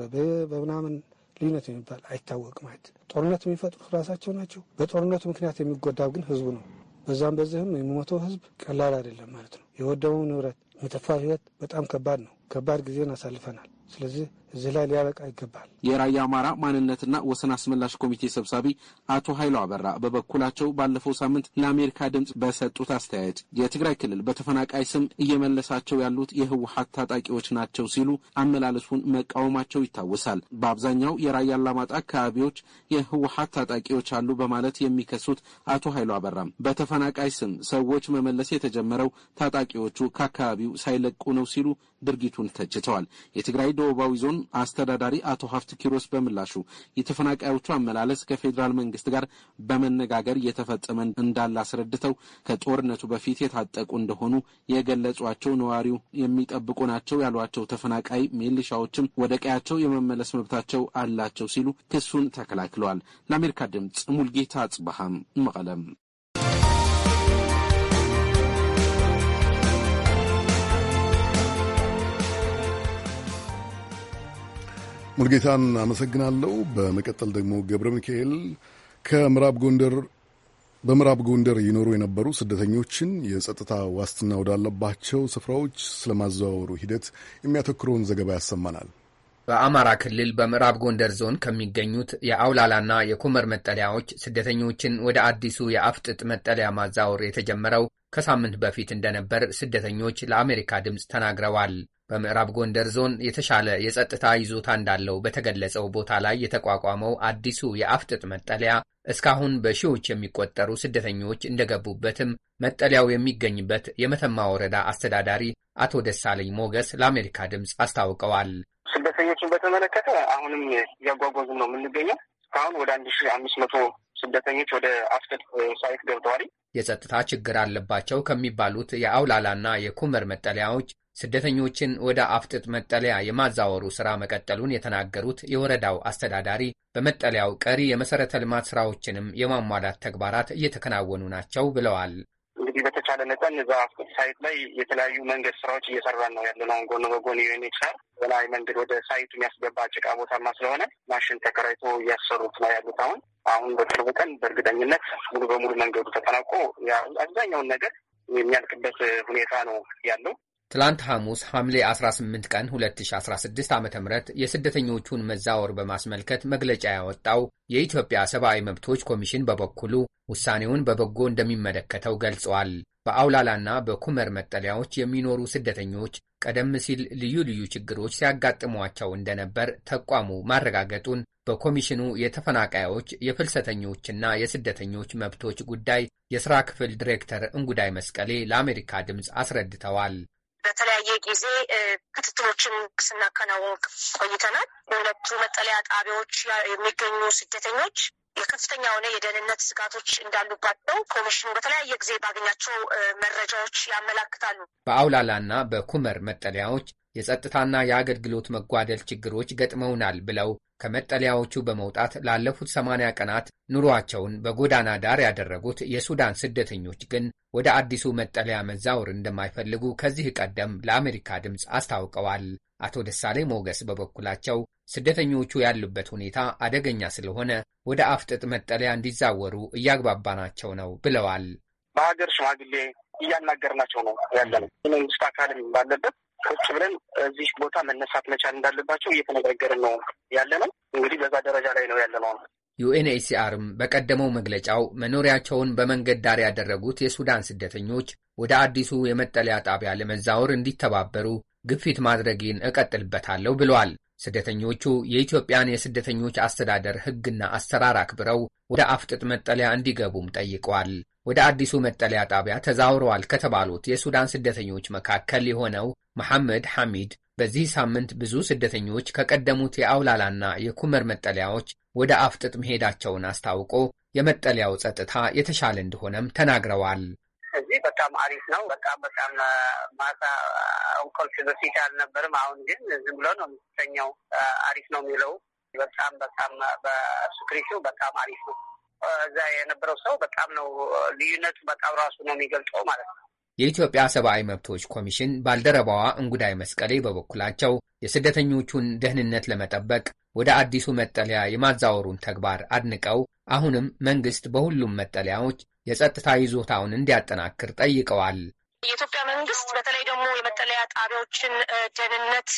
በምናምን ልዩነት የሚባል አይታወቅም። ማለት ጦርነት የሚፈጥሩት ራሳቸው ናቸው። በጦርነቱ ምክንያት የሚጎዳው ግን ህዝቡ ነው። በዛም በዚህም የሚሞተው ህዝብ ቀላል አይደለም ማለት ነው። የወደመው ንብረት የጠፋ ህይወት በጣም ከባድ ነው። ከባድ ጊዜን አሳልፈናል። ስለዚህ እዚህ ላይ ሊያበቃ ይገባል። የራያ አማራ ማንነትና ወሰን አስመላሽ ኮሚቴ ሰብሳቢ አቶ ኃይሎ አበራ በበኩላቸው ባለፈው ሳምንት ለአሜሪካ ድምፅ በሰጡት አስተያየት የትግራይ ክልል በተፈናቃይ ስም እየመለሳቸው ያሉት የህወሀት ታጣቂዎች ናቸው ሲሉ አመላለሱን መቃወማቸው ይታወሳል። በአብዛኛው የራያ አላማጣ አካባቢዎች የህወሀት ታጣቂዎች አሉ በማለት የሚከሱት አቶ ኃይሎ አበራም በተፈናቃይ ስም ሰዎች መመለስ የተጀመረው ታጣቂዎቹ ከአካባቢው ሳይለቁ ነው ሲሉ ድርጊቱን ተችተዋል። የትግራይ ደቡባዊ ዞን አስተዳዳሪ አቶ ሀፍት ኪሮስ በምላሹ የተፈናቃዮቹ አመላለስ ከፌዴራል መንግስት ጋር በመነጋገር እየተፈጸመ እንዳለ አስረድተው ከጦርነቱ በፊት የታጠቁ እንደሆኑ የገለጿቸው ነዋሪው የሚጠብቁ ናቸው ያሏቸው ተፈናቃይ ሚሊሻዎችም ወደ ቀያቸው የመመለስ መብታቸው አላቸው ሲሉ ክሱን ተከላክለዋል። ለአሜሪካ ድምጽ ሙልጌታ አጽባሃም መቀለም ሙልጌታን አመሰግናለሁ። በመቀጠል ደግሞ ገብረ ሚካኤል ከምዕራብ ጎንደር በምዕራብ ጎንደር ይኖሩ የነበሩ ስደተኞችን የጸጥታ ዋስትና ወዳለባቸው ስፍራዎች ስለማዘዋወሩ ሂደት የሚያተኩረውን ዘገባ ያሰማናል። በአማራ ክልል በምዕራብ ጎንደር ዞን ከሚገኙት የአውላላና የኩመር መጠለያዎች ስደተኞችን ወደ አዲሱ የአፍጥጥ መጠለያ ማዛወር የተጀመረው ከሳምንት በፊት እንደነበር ስደተኞች ለአሜሪካ ድምፅ ተናግረዋል። በምዕራብ ጎንደር ዞን የተሻለ የጸጥታ ይዞታ እንዳለው በተገለጸው ቦታ ላይ የተቋቋመው አዲሱ የአፍጥጥ መጠለያ እስካሁን በሺዎች የሚቆጠሩ ስደተኞች እንደገቡበትም መጠለያው የሚገኝበት የመተማ ወረዳ አስተዳዳሪ አቶ ደሳለኝ ሞገስ ለአሜሪካ ድምፅ አስታውቀዋል። ስደተኞችን በተመለከተ አሁንም እያጓጓዙ ነው የምንገኘው። እስካሁን ወደ አንድ ሺ አምስት መቶ ስደተኞች ወደ አፍጥጥ ሳይት ገብተዋል። የጸጥታ ችግር አለባቸው ከሚባሉት የአውላላና የኩመር መጠለያዎች ስደተኞችን ወደ አፍጥጥ መጠለያ የማዛወሩ ሥራ መቀጠሉን የተናገሩት የወረዳው አስተዳዳሪ በመጠለያው ቀሪ የመሠረተ ልማት ሥራዎችንም የማሟላት ተግባራት እየተከናወኑ ናቸው ብለዋል። እንግዲህ በተቻለ መጠን እዛ አፍጥጥ ሳይት ላይ የተለያዩ መንገድ ስራዎች እየሰራን ነው ያለን። አሁን ጎን በጎን ዩኤንኤችሲአር በላይ መንገድ ወደ ሳይቱ የሚያስገባ ጭቃ ቦታማ ስለሆነ ማሽን ተከራይቶ እያሰሩት ነው ያሉት። አሁን አሁን በቅርብ ቀን በእርግጠኝነት ሙሉ በሙሉ መንገዱ ተጠናቆ አብዛኛውን ነገር የሚያልቅበት ሁኔታ ነው ያለው። ትላንት ሐሙስ ሐምሌ 18 ቀን 2016 ዓ ም የስደተኞቹን መዛወር በማስመልከት መግለጫ ያወጣው የኢትዮጵያ ሰብአዊ መብቶች ኮሚሽን በበኩሉ ውሳኔውን በበጎ እንደሚመለከተው ገልጿል። በአውላላና በኩመር መጠለያዎች የሚኖሩ ስደተኞች ቀደም ሲል ልዩ ልዩ ችግሮች ሲያጋጥሟቸው እንደነበር ተቋሙ ማረጋገጡን በኮሚሽኑ የተፈናቃዮች የፍልሰተኞችና የስደተኞች መብቶች ጉዳይ የሥራ ክፍል ዲሬክተር እንጉዳይ መስቀሌ ለአሜሪካ ድምፅ አስረድተዋል። በተለያየ ጊዜ ክትትሎችን ስናከናውን ቆይተናል። በሁለቱ መጠለያ ጣቢያዎች የሚገኙ ስደተኞች የከፍተኛ የሆነ የደህንነት ስጋቶች እንዳሉባቸው ኮሚሽኑ በተለያየ ጊዜ ባገኛቸው መረጃዎች ያመላክታሉ። በአውላላ ና በኩመር መጠለያዎች የጸጥታና የአገልግሎት መጓደል ችግሮች ገጥመውናል ብለው ከመጠለያዎቹ በመውጣት ላለፉት ሰማንያ ቀናት ኑሯቸውን በጎዳና ዳር ያደረጉት የሱዳን ስደተኞች ግን ወደ አዲሱ መጠለያ መዛወር እንደማይፈልጉ ከዚህ ቀደም ለአሜሪካ ድምፅ አስታውቀዋል። አቶ ደሳሌ ሞገስ በበኩላቸው ስደተኞቹ ያሉበት ሁኔታ አደገኛ ስለሆነ ወደ አፍጥጥ መጠለያ እንዲዛወሩ እያግባባናቸው ነው ብለዋል። በሀገር ሽማግሌ እያናገርናቸው ነው ያለነው። መንግስት አካልም ባለበት ቁጭ ብለን እዚህ ቦታ መነሳት መቻል እንዳለባቸው እየተነጋገርን ነው ያለ ነው። እንግዲህ በዛ ደረጃ ላይ ነው ያለ ነው። ዩኤንኤችሲአርም በቀደመው መግለጫው መኖሪያቸውን በመንገድ ዳር ያደረጉት የሱዳን ስደተኞች ወደ አዲሱ የመጠለያ ጣቢያ ለመዛወር እንዲተባበሩ ግፊት ማድረጌን እቀጥልበታለሁ ብሏል። ስደተኞቹ የኢትዮጵያን የስደተኞች አስተዳደር ሕግና አሰራር አክብረው ወደ አፍጥጥ መጠለያ እንዲገቡም ጠይቀዋል። ወደ አዲሱ መጠለያ ጣቢያ ተዛውረዋል ከተባሉት የሱዳን ስደተኞች መካከል የሆነው መሐመድ ሐሚድ በዚህ ሳምንት ብዙ ስደተኞች ከቀደሙት የአውላላና የኩመር መጠለያዎች ወደ አፍጥጥ መሄዳቸውን አስታውቆ የመጠለያው ጸጥታ የተሻለ እንደሆነም ተናግረዋል። እዚህ በጣም አሪፍ ነው። በጣም በጣም ማታ እንቅልፍ በፊት አልነበርም። አሁን ግን ዝም ብሎ ነው የምትተኛው። አሪፍ ነው የሚለው በጣም በጣም በስክሪሹ በጣም አሪፍ ነው። እዛ የነበረው ሰው በጣም ነው ልዩነቱ በጣም ራሱ ነው የሚገልጸው ማለት ነው። የኢትዮጵያ ሰብአዊ መብቶች ኮሚሽን ባልደረባዋ እንጉዳይ መስቀሌ በበኩላቸው የስደተኞቹን ደህንነት ለመጠበቅ ወደ አዲሱ መጠለያ የማዛወሩን ተግባር አድንቀው አሁንም መንግስት በሁሉም መጠለያዎች የጸጥታ ይዞታውን እንዲያጠናክር ጠይቀዋል። የኢትዮጵያ መንግስት በተለይ ደግሞ የመጠለያ ጣቢያዎችን ደህንነት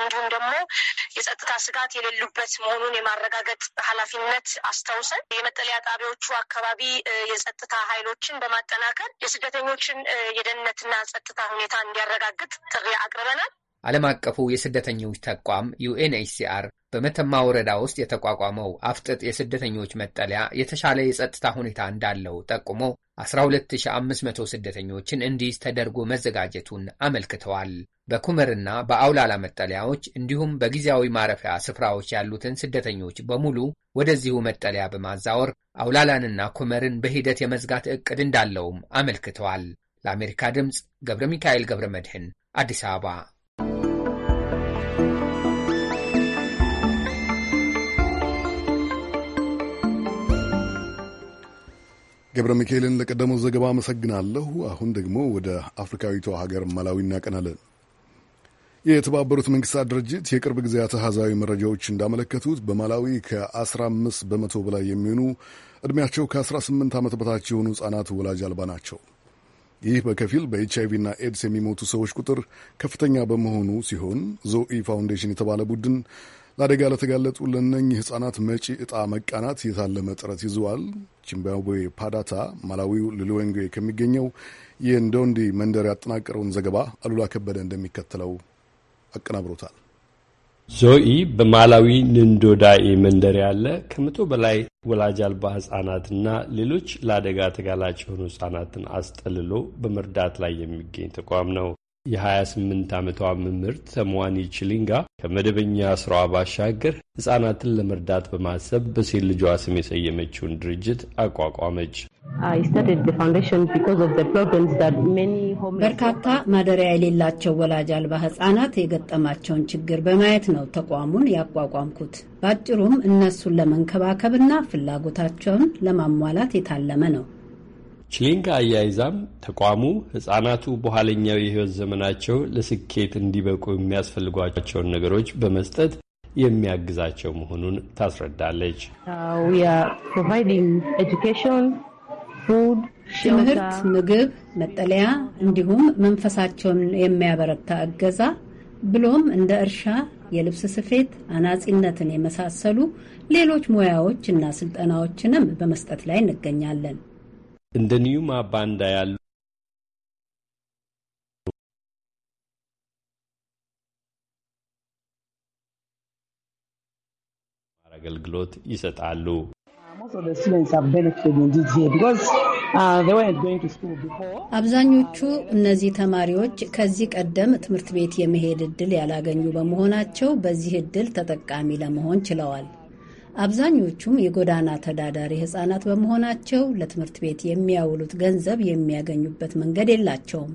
እንዲሁም ደግሞ የጸጥታ ስጋት የሌሉበት መሆኑን የማረጋገጥ ኃላፊነት አስታውሰን የመጠለያ ጣቢያዎቹ አካባቢ የጸጥታ ኃይሎችን በማጠናከር የስደተኞችን የደህንነትና ጸጥታ ሁኔታ እንዲያረጋግጥ ጥሪ አቅርበናል። ዓለም አቀፉ የስደተኞች ተቋም ዩኤንኤችሲአር በመተማ ወረዳ ውስጥ የተቋቋመው አፍጥጥ የስደተኞች መጠለያ የተሻለ የጸጥታ ሁኔታ እንዳለው ጠቁሞ 12500 ስደተኞችን እንዲይዝ ተደርጎ መዘጋጀቱን አመልክተዋል። በኩመርና በአውላላ መጠለያዎች እንዲሁም በጊዜያዊ ማረፊያ ስፍራዎች ያሉትን ስደተኞች በሙሉ ወደዚሁ መጠለያ በማዛወር አውላላንና ኩመርን በሂደት የመዝጋት ዕቅድ እንዳለውም አመልክተዋል። ለአሜሪካ ድምፅ ገብረ ሚካኤል ገብረ መድህን አዲስ አበባ ገብረ ሚካኤልን ለቀደመው ዘገባ አመሰግናለሁ። አሁን ደግሞ ወደ አፍሪካዊቷ ሀገር ማላዊ እናቀናለን። የተባበሩት መንግስታት ድርጅት የቅርብ ጊዜ አሃዛዊ መረጃዎች እንዳመለከቱት በማላዊ ከ15 በመቶ በላይ የሚሆኑ ዕድሜያቸው ከ18 ዓመት በታች የሆኑ ሕፃናት ወላጅ አልባ ናቸው። ይህ በከፊል በኤች አይቪና ኤድስ የሚሞቱ ሰዎች ቁጥር ከፍተኛ በመሆኑ ሲሆን ዞኢ ፋውንዴሽን የተባለ ቡድን ለአደጋ ለተጋለጡ ለነኝ ህጻናት መጪ እጣ መቃናት የታለመ ጥረት ይዘዋል። ዚምባብዌ ፓዳታ ማላዊው ሊሎንግዌ ከሚገኘው የንዶንዲ መንደር ያጠናቀረውን ዘገባ አሉላ ከበደ እንደሚከተለው አቀናብሮታል። ዞኢ በማላዊ ንንዶዳኤ መንደር ያለ ከመቶ በላይ ወላጅ አልባ ህጻናትና ሌሎች ለአደጋ ተጋላጭ የሆኑ ህጻናትን አስጠልሎ በመርዳት ላይ የሚገኝ ተቋም ነው። የ28 ዓመቷ መምህርት ተሟኒ ችሊንጋ ከመደበኛ ስራዋ ባሻገር ሕፃናትን ለመርዳት በማሰብ በሴት ልጇ ስም የሰየመችውን ድርጅት አቋቋመች። በርካታ ማደሪያ የሌላቸው ወላጅ አልባ ሕፃናት የገጠማቸውን ችግር በማየት ነው ተቋሙን ያቋቋምኩት። በአጭሩም እነሱን ለመንከባከብና ፍላጎታቸውን ለማሟላት የታለመ ነው። ችሊንጋ አያይዛም ተቋሙ ሕፃናቱ በኋለኛው የሕይወት ዘመናቸው ለስኬት እንዲበቁ የሚያስፈልጓቸውን ነገሮች በመስጠት የሚያግዛቸው መሆኑን ታስረዳለች። ትምህርት፣ ምግብ፣ መጠለያ እንዲሁም መንፈሳቸውን የሚያበረታ እገዛ ብሎም እንደ እርሻ፣ የልብስ ስፌት፣ አናጺነትን የመሳሰሉ ሌሎች ሙያዎች እና ስልጠናዎችንም በመስጠት ላይ እንገኛለን። እንደ ኒዩማ ባንዳ ያሉ አገልግሎት ይሰጣሉ። አብዛኞቹ እነዚህ ተማሪዎች ከዚህ ቀደም ትምህርት ቤት የመሄድ እድል ያላገኙ በመሆናቸው በዚህ እድል ተጠቃሚ ለመሆን ችለዋል። አብዛኞቹም የጎዳና ተዳዳሪ ህጻናት በመሆናቸው ለትምህርት ቤት የሚያውሉት ገንዘብ የሚያገኙበት መንገድ የላቸውም።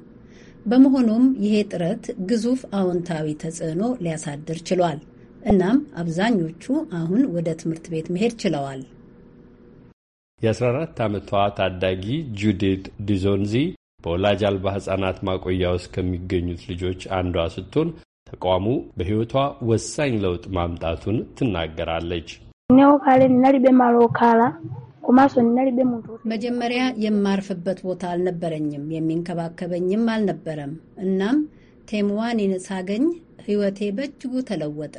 በመሆኑም ይሄ ጥረት ግዙፍ አዎንታዊ ተጽዕኖ ሊያሳድር ችሏል። እናም አብዛኞቹ አሁን ወደ ትምህርት ቤት መሄድ ችለዋል። የ14 ዓመቷ ታዳጊ ጁዲት ዲዞንዚ በወላጅ አልባ ህጻናት ማቆያ ውስጥ ከሚገኙት ልጆች አንዷ ስትሆን ተቋሙ በሕይወቷ ወሳኝ ለውጥ ማምጣቱን ትናገራለች። መጀመሪያ የማርፍበት ቦታ አልነበረኝም፣ የሚንከባከበኝም አልነበረም። እናም ቴምዋኔን ሳገኝ ህይወቴ በእጅጉ ተለወጠ።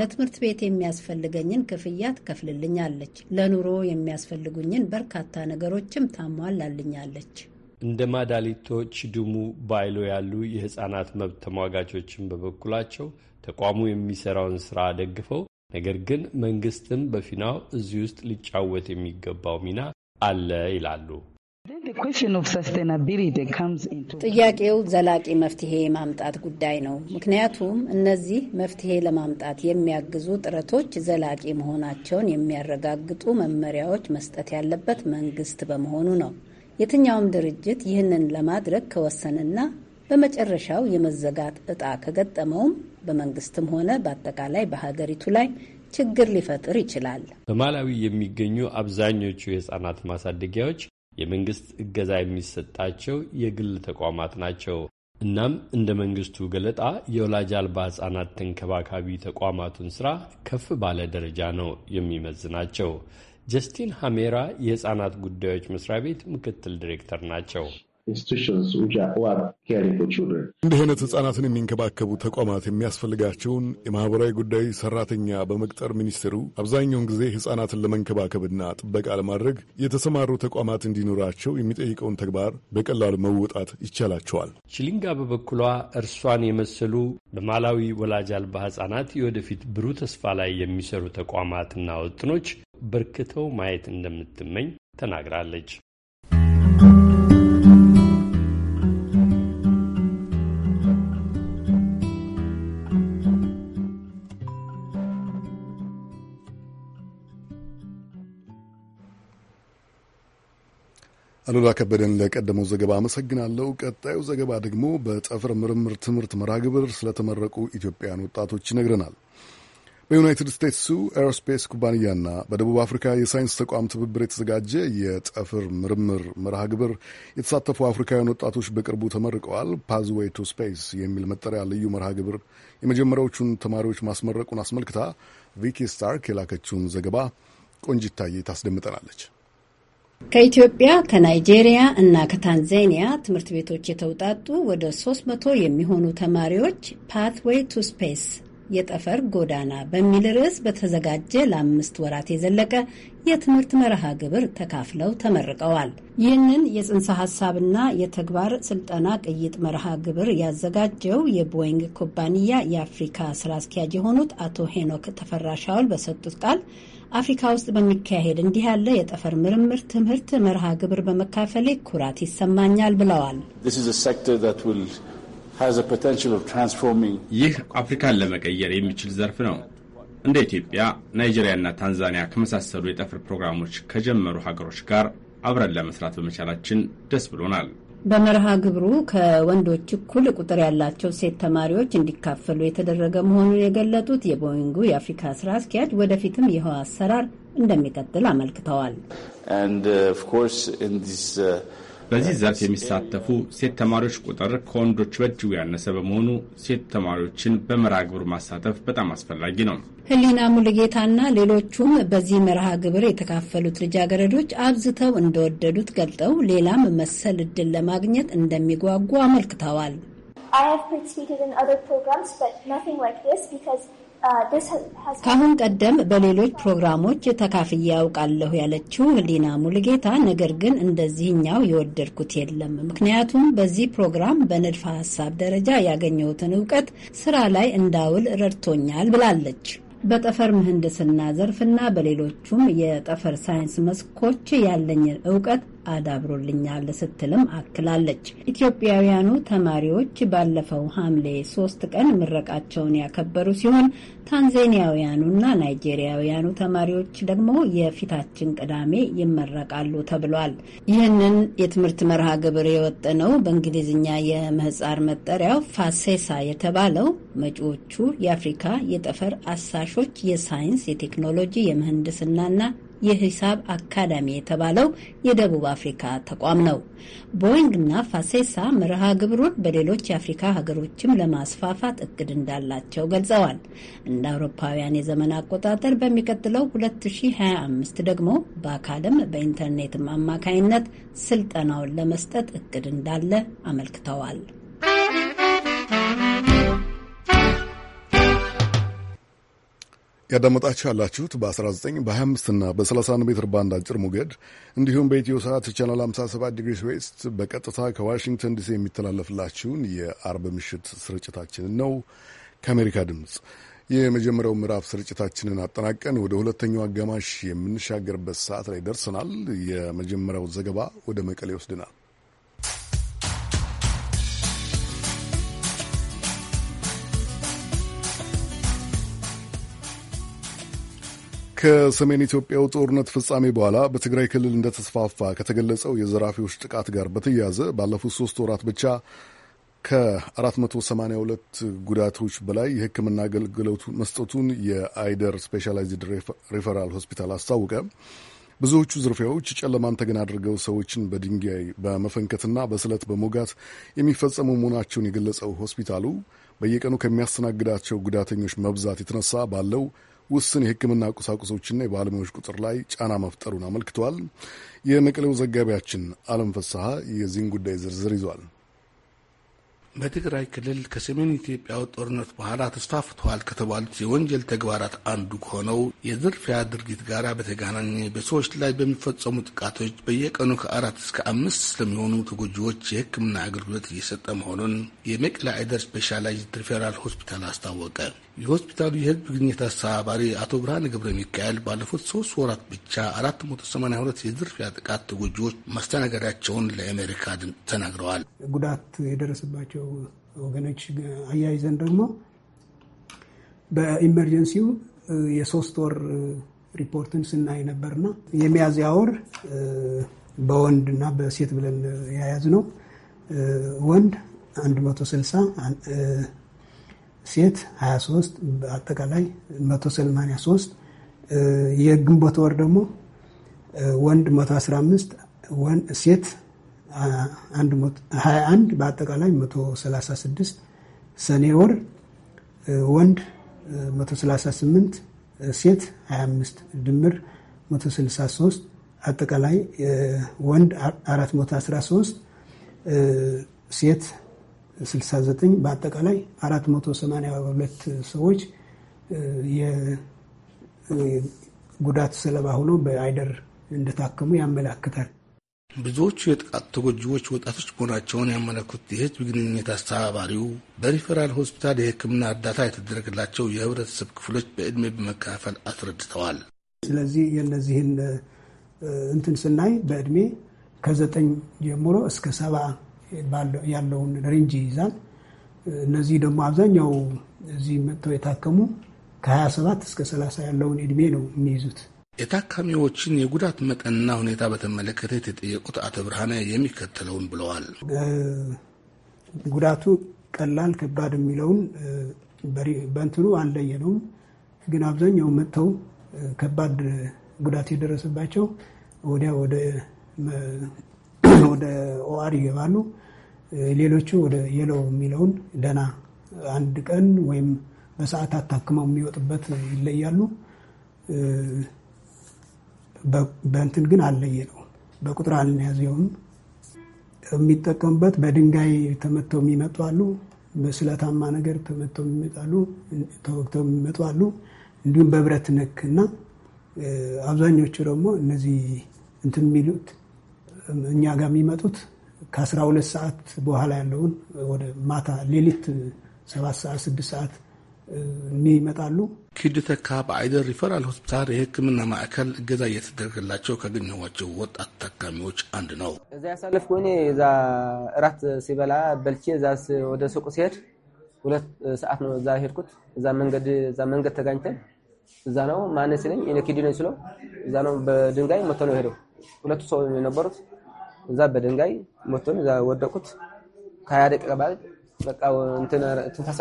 ለትምህርት ቤት የሚያስፈልገኝን ክፍያ ትከፍልልኛለች። ለኑሮ የሚያስፈልጉኝን በርካታ ነገሮችም ታሟላልኛለች። እንደ ማዳሊቶች ድሙ ባይሎ ያሉ የሕፃናት መብት ተሟጋቾችን በበኩላቸው ተቋሙ የሚሰራውን ስራ ደግፈው ነገር ግን መንግስትም በፊናው እዚህ ውስጥ ሊጫወት የሚገባው ሚና አለ ይላሉ። ጥያቄው ዘላቂ መፍትሄ የማምጣት ጉዳይ ነው። ምክንያቱም እነዚህ መፍትሄ ለማምጣት የሚያግዙ ጥረቶች ዘላቂ መሆናቸውን የሚያረጋግጡ መመሪያዎች መስጠት ያለበት መንግስት በመሆኑ ነው። የትኛውም ድርጅት ይህንን ለማድረግ ከወሰንና በመጨረሻው የመዘጋት እጣ ከገጠመውም በመንግስትም ሆነ በአጠቃላይ በሀገሪቱ ላይ ችግር ሊፈጥር ይችላል። በማላዊ የሚገኙ አብዛኞቹ የህጻናት ማሳደጊያዎች የመንግስት እገዛ የሚሰጣቸው የግል ተቋማት ናቸው። እናም እንደ መንግስቱ ገለጣ የወላጅ አልባ ህጻናት ተንከባካቢ ተቋማቱን ስራ ከፍ ባለ ደረጃ ነው የሚመዝናቸው። ጀስቲን ሀሜራ የህጻናት ጉዳዮች መስሪያ ቤት ምክትል ዲሬክተር ናቸው። እንዲህ አይነት ህጻናትን የሚንከባከቡ ተቋማት የሚያስፈልጋቸውን የማህበራዊ ጉዳይ ሰራተኛ በመቅጠር ሚኒስትሩ አብዛኛውን ጊዜ ህጻናትን ለመንከባከብና ጥበቃ ለማድረግ የተሰማሩ ተቋማት እንዲኖራቸው የሚጠይቀውን ተግባር በቀላሉ መወጣት ይቻላቸዋል። ሽሊንጋ በበኩሏ እርሷን የመሰሉ በማላዊ ወላጅ አልባ ህጻናት የወደፊት ብሩህ ተስፋ ላይ የሚሰሩ ተቋማትና ወጥኖች በርክተው ማየት እንደምትመኝ ተናግራለች። አሉላ ከበደን ለቀደመው ዘገባ አመሰግናለሁ። ቀጣዩ ዘገባ ደግሞ በጠፈር ምርምር ትምህርት መራግብር ስለተመረቁ ኢትዮጵያውያን ወጣቶች ይነግረናል። በዩናይትድ ስቴትሱ ኤሮስፔስ ኩባንያና በደቡብ አፍሪካ የሳይንስ ተቋም ትብብር የተዘጋጀ የጠፍር ምርምር መርሃግብር የተሳተፉ አፍሪካውያን ወጣቶች በቅርቡ ተመርቀዋል። ፓዝዌይ ቱ ስፔስ የሚል መጠሪያ ልዩ መርሃግብር የመጀመሪያዎቹን ተማሪዎች ማስመረቁን አስመልክታ ቪኪ ስታርክ የላከችውን ዘገባ ቆንጅታየ ታስደምጠናለች። ከኢትዮጵያ፣ ከናይጄሪያ እና ከታንዛኒያ ትምህርት ቤቶች የተውጣጡ ወደ 300 የሚሆኑ ተማሪዎች ፓትዌይ ቱ ስፔስ የጠፈር ጎዳና በሚል ርዕስ በተዘጋጀ ለአምስት ወራት የዘለቀ የትምህርት መርሃ ግብር ተካፍለው ተመርቀዋል። ይህንን የጽንሰ ሀሳብና የተግባር ስልጠና ቅይጥ መርሃ ግብር ያዘጋጀው የቦይንግ ኩባንያ የአፍሪካ ስራ አስኪያጅ የሆኑት አቶ ሄኖክ ተፈራሻውል በሰጡት ቃል አፍሪካ ውስጥ በሚካሄድ እንዲህ ያለ የጠፈር ምርምር ትምህርት መርሃ ግብር በመካፈሌ ኩራት ይሰማኛል ብለዋል። ይህ አፍሪካን ለመቀየር የሚችል ዘርፍ ነው። እንደ ኢትዮጵያ፣ ናይጄሪያና ታንዛኒያ ከመሳሰሉ የጠፈር ፕሮግራሞች ከጀመሩ ሀገሮች ጋር አብረን ለመስራት በመቻላችን ደስ ብሎናል። በመርሃ ግብሩ ከወንዶች እኩል ቁጥር ያላቸው ሴት ተማሪዎች እንዲካፈሉ የተደረገ መሆኑን የገለጡት የቦይንጉ የአፍሪካ ስራ አስኪያጅ ወደፊትም ይኸው አሰራር እንደሚቀጥል አመልክተዋል። uh, uh, በዚህ ዘርፍ የሚሳተፉ ሴት ተማሪዎች ቁጥር ከወንዶች በእጅጉ ያነሰ በመሆኑ ሴት ተማሪዎችን በመርሃ ግብሩ ማሳተፍ በጣም አስፈላጊ ነው። ህሊና ሙሉጌታና ሌሎቹም በዚህ መርሃ ግብር የተካፈሉት ልጃገረዶች አብዝተው እንደወደዱት ገልጠው ሌላም መሰል እድል ለማግኘት እንደሚጓጉ አመልክተዋል። I have participated in other programs, but nothing like this because ከአሁን ቀደም በሌሎች ፕሮግራሞች ተካፍዬ ያውቃለሁ ያለችው ህሊና ሙልጌታ፣ ነገር ግን እንደዚህኛው የወደድኩት የለም። ምክንያቱም በዚህ ፕሮግራም በንድፈ ሀሳብ ደረጃ ያገኘሁትን እውቀት ስራ ላይ እንዳውል ረድቶኛል ብላለች። በጠፈር ምህንድስና ዘርፍና በሌሎቹም የጠፈር ሳይንስ መስኮች ያለኝን እውቀት አዳብሮልኛል ስትልም አክላለች። ኢትዮጵያውያኑ ተማሪዎች ባለፈው ሐምሌ ሶስት ቀን ምረቃቸውን ያከበሩ ሲሆን ታንዛኒያውያኑና ናይጄሪያውያኑ ተማሪዎች ደግሞ የፊታችን ቅዳሜ ይመረቃሉ ተብሏል። ይህንን የትምህርት መርሃ ግብር የወጠነው በእንግሊዝኛ የምህፃር መጠሪያው ፋሴሳ የተባለው መጪዎቹ የአፍሪካ የጠፈር አሳሾች የሳይንስ፣ የቴክኖሎጂ፣ የምህንድስናና የሂሳብ አካዳሚ የተባለው የደቡብ አፍሪካ ተቋም ነው። ቦይንግ እና ፋሴሳ መርሃ ግብሩን በሌሎች የአፍሪካ ሀገሮችም ለማስፋፋት እቅድ እንዳላቸው ገልጸዋል። እንደ አውሮፓውያን የዘመን አቆጣጠር በሚቀጥለው 2025 ደግሞ በአካልም በኢንተርኔትም አማካይነት ስልጠናውን ለመስጠት እቅድ እንዳለ አመልክተዋል። ያዳመጣችሁ ያላችሁት በ19 በ25 እና በ31 ሜትር ባንድ አጭር ሞገድ እንዲሁም በኢትዮ ሰዓት ቻናል 57 ዲግሪ ዌስት በቀጥታ ከዋሽንግተን ዲሲ የሚተላለፍላችሁን የአርብ ምሽት ስርጭታችንን ነው። ከአሜሪካ ድምፅ የመጀመሪያው ምዕራፍ ስርጭታችንን አጠናቀን ወደ ሁለተኛው አጋማሽ የምንሻገርበት ሰዓት ላይ ደርሰናል። የመጀመሪያው ዘገባ ወደ መቀሌ ይወስድናል። ከሰሜን ኢትዮጵያው ጦርነት ፍጻሜ በኋላ በትግራይ ክልል እንደተስፋፋ ከተገለጸው የዘራፊዎች ጥቃት ጋር በተያያዘ ባለፉት ሶስት ወራት ብቻ ከ482 ጉዳቶች በላይ የሕክምና አገልግሎቱ መስጠቱን የአይደር ስፔሻላይዝድ ሪፈራል ሆስፒታል አስታወቀ። ብዙዎቹ ዝርፊያዎች ጨለማን ተገን አድርገው ሰዎችን በድንጋይ በመፈንከትና በስለት በሞጋት የሚፈጸሙ መሆናቸውን የገለጸው ሆስፒታሉ በየቀኑ ከሚያስተናግዳቸው ጉዳተኞች መብዛት የተነሳ ባለው ውስን የሕክምና ቁሳቁሶችና የባለሙያዎች ቁጥር ላይ ጫና መፍጠሩን አመልክተዋል። የመቀሌው ዘጋቢያችን አለም ፍስሐ የዚህን ጉዳይ ዝርዝር ይዟል። በትግራይ ክልል ከሰሜን ኢትዮጵያው ጦርነት በኋላ ተስፋፍተዋል ከተባሉት የወንጀል ተግባራት አንዱ ከሆነው የዝርፊያ ድርጊት ጋር በተጋናኘ በሰዎች ላይ በሚፈጸሙ ጥቃቶች በየቀኑ ከአራት እስከ አምስት ስለሚሆኑ ተጎጂዎች የሕክምና አገልግሎት እየሰጠ መሆኑን የመቅላ አይደር ስፔሻላይዝድ ሪፌራል ሆስፒታል አስታወቀ። የሆስፒታሉ የህዝብ ግንኙነት አስተባባሪ አቶ ብርሃነ ገብረ ሚካኤል ባለፉት ሶስት ወራት ብቻ አራት ሁለት የዝርፊያ ጥቃት ተጎጂዎች ማስተናገዳቸውን ለአሜሪካ ድምፅ ተናግረዋል። ጉዳት የደረሰባቸው ካሏቸው ወገኖች አያይዘን ደግሞ በኢመርጀንሲው የሶስት ወር ሪፖርትን ስናይ ነበርና የሚያዝያ ወር በወንድ እና በሴት ብለን የያዝ ነው። ወንድ 160 ሴት 23 በአጠቃላይ 183። የግንቦት ወር ደግሞ ወንድ 115 ሴት 21 በአጠቃላይ 136 ሰኔ ወር ወንድ 138 ሴት 25 ድምር 163 አጠቃላይ ወንድ 413 ሴት 69 በአጠቃላይ 482 ሰዎች የጉዳት ሰለባ ሆኖ በአይደር እንደታከሙ ያመላክታል። ብዙዎቹ የጥቃት ተጎጂዎች ወጣቶች መሆናቸውን ያመለኩት የህዝብ ግንኙነት አስተባባሪው በሪፈራል ሆስፒታል የህክምና እርዳታ የተደረገላቸው የህብረተሰብ ክፍሎች በዕድሜ በመካፈል አስረድተዋል። ስለዚህ የእነዚህን እንትን ስናይ በዕድሜ ከዘጠኝ ጀምሮ እስከ ሰባ ያለውን ሬንጅ ይይዛል። እነዚህ ደግሞ አብዛኛው እዚህ መጥተው የታከሙ ከ27 እስከ 30 ያለውን እድሜ ነው የሚይዙት። የታካሚዎችን የጉዳት መጠንና ሁኔታ በተመለከተ የተጠየቁት አቶ ብርሃነ የሚከተለውን ብለዋል። ጉዳቱ ቀላል ከባድ የሚለውን በእንትኑ አልለየነውም፣ ግን አብዛኛው መጥተው ከባድ ጉዳት የደረሰባቸው ወዲያ ወደ (clears throat) ኦአር ይገባሉ። ሌሎቹ ወደ የለው የሚለውን ደህና አንድ ቀን ወይም በሰዓታት ታክመው የሚወጡበት ይለያሉ። በእንትን ግን አለየ ነው በቁጥር አልያዘውም። የሚጠቀሙበት በድንጋይ ተመተው የሚመጡ አሉ፣ በስለታማ ነገር ተመተው የሚመጣሉ፣ ተወግተው የሚመጡ አሉ፣ እንዲሁም በብረት ነክ እና አብዛኞቹ ደግሞ እነዚህ እንትን የሚሉት እኛ ጋር የሚመጡት ከአስራ ሁለት ሰዓት በኋላ ያለውን ወደ ማታ ሌሊት ሰባት ሰዓት ስድስት ሰዓት የሚመጣሉ ኪድተካ በአይደር ሪፈራል ሆስፒታል የሕክምና ማዕከል እገዛ እየተደረገላቸው ካገኘኋቸው ወጣት ታካሚዎች አንድ ነው። እዛ ያሳለፍ እኔ እዛ እራት ሲበላ በልቼ እዛ ወደ ሱቁ ሲሄድ ሁለት ሰዓት ነው እዛ ሄድኩት። እዛ መንገድ እዛ መንገድ ተጋኝተን እዛ ነው ማነ ሲለኝ እኔ ኪድ ነኝ ስለው እዛ ነው በድንጋይ ሞቶ ነው ሄደው ሁለቱ ሰው የነበሩት እዛ በድንጋይ ሞቶን እዛ ወደቁት። ከሀያ ደቂቃ በቃ ትንፋስ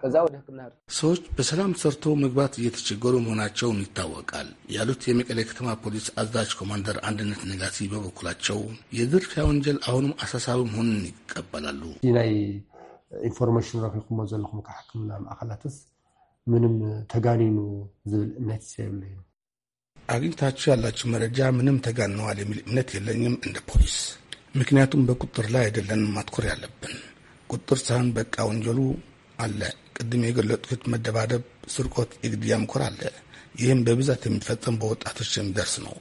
ከዛ ወደ ሕክምና ሰዎች በሰላም ሰርቶ መግባት እየተቸገሩ መሆናቸውን ይታወቃል ያሉት የመቀሌ ከተማ ፖሊስ አዛዥ ኮማንደር አንድነት ነጋሲ በበኩላቸው የዝርፊያ ወንጀል አሁንም አሳሳቢ መሆኑን ይቀበላሉ። ናይ ኢንፎርሜሽን ረኪኩሞ ዘለኹም ካብ ሕክምና ማእከላትስ ምንም ተጋኒኑ ዝብል እምነት ይሰየብለ እዩ አግኝታችሁ ያላችሁ መረጃ ምንም ተጋንነዋል የሚል እምነት የለኝም እንደ ፖሊስ። ምክንያቱም በቁጥር ላይ አይደለን ማትኮር ያለብን ቁጥር ሳህን በቃ ወንጀሉ አለ። ቅድም የገለጥኩት መደባደብ፣ ስርቆት፣ የግድያ ምኮር አለ። ይህም በብዛት የሚፈጸም በወጣቶች የሚደርስ ነው።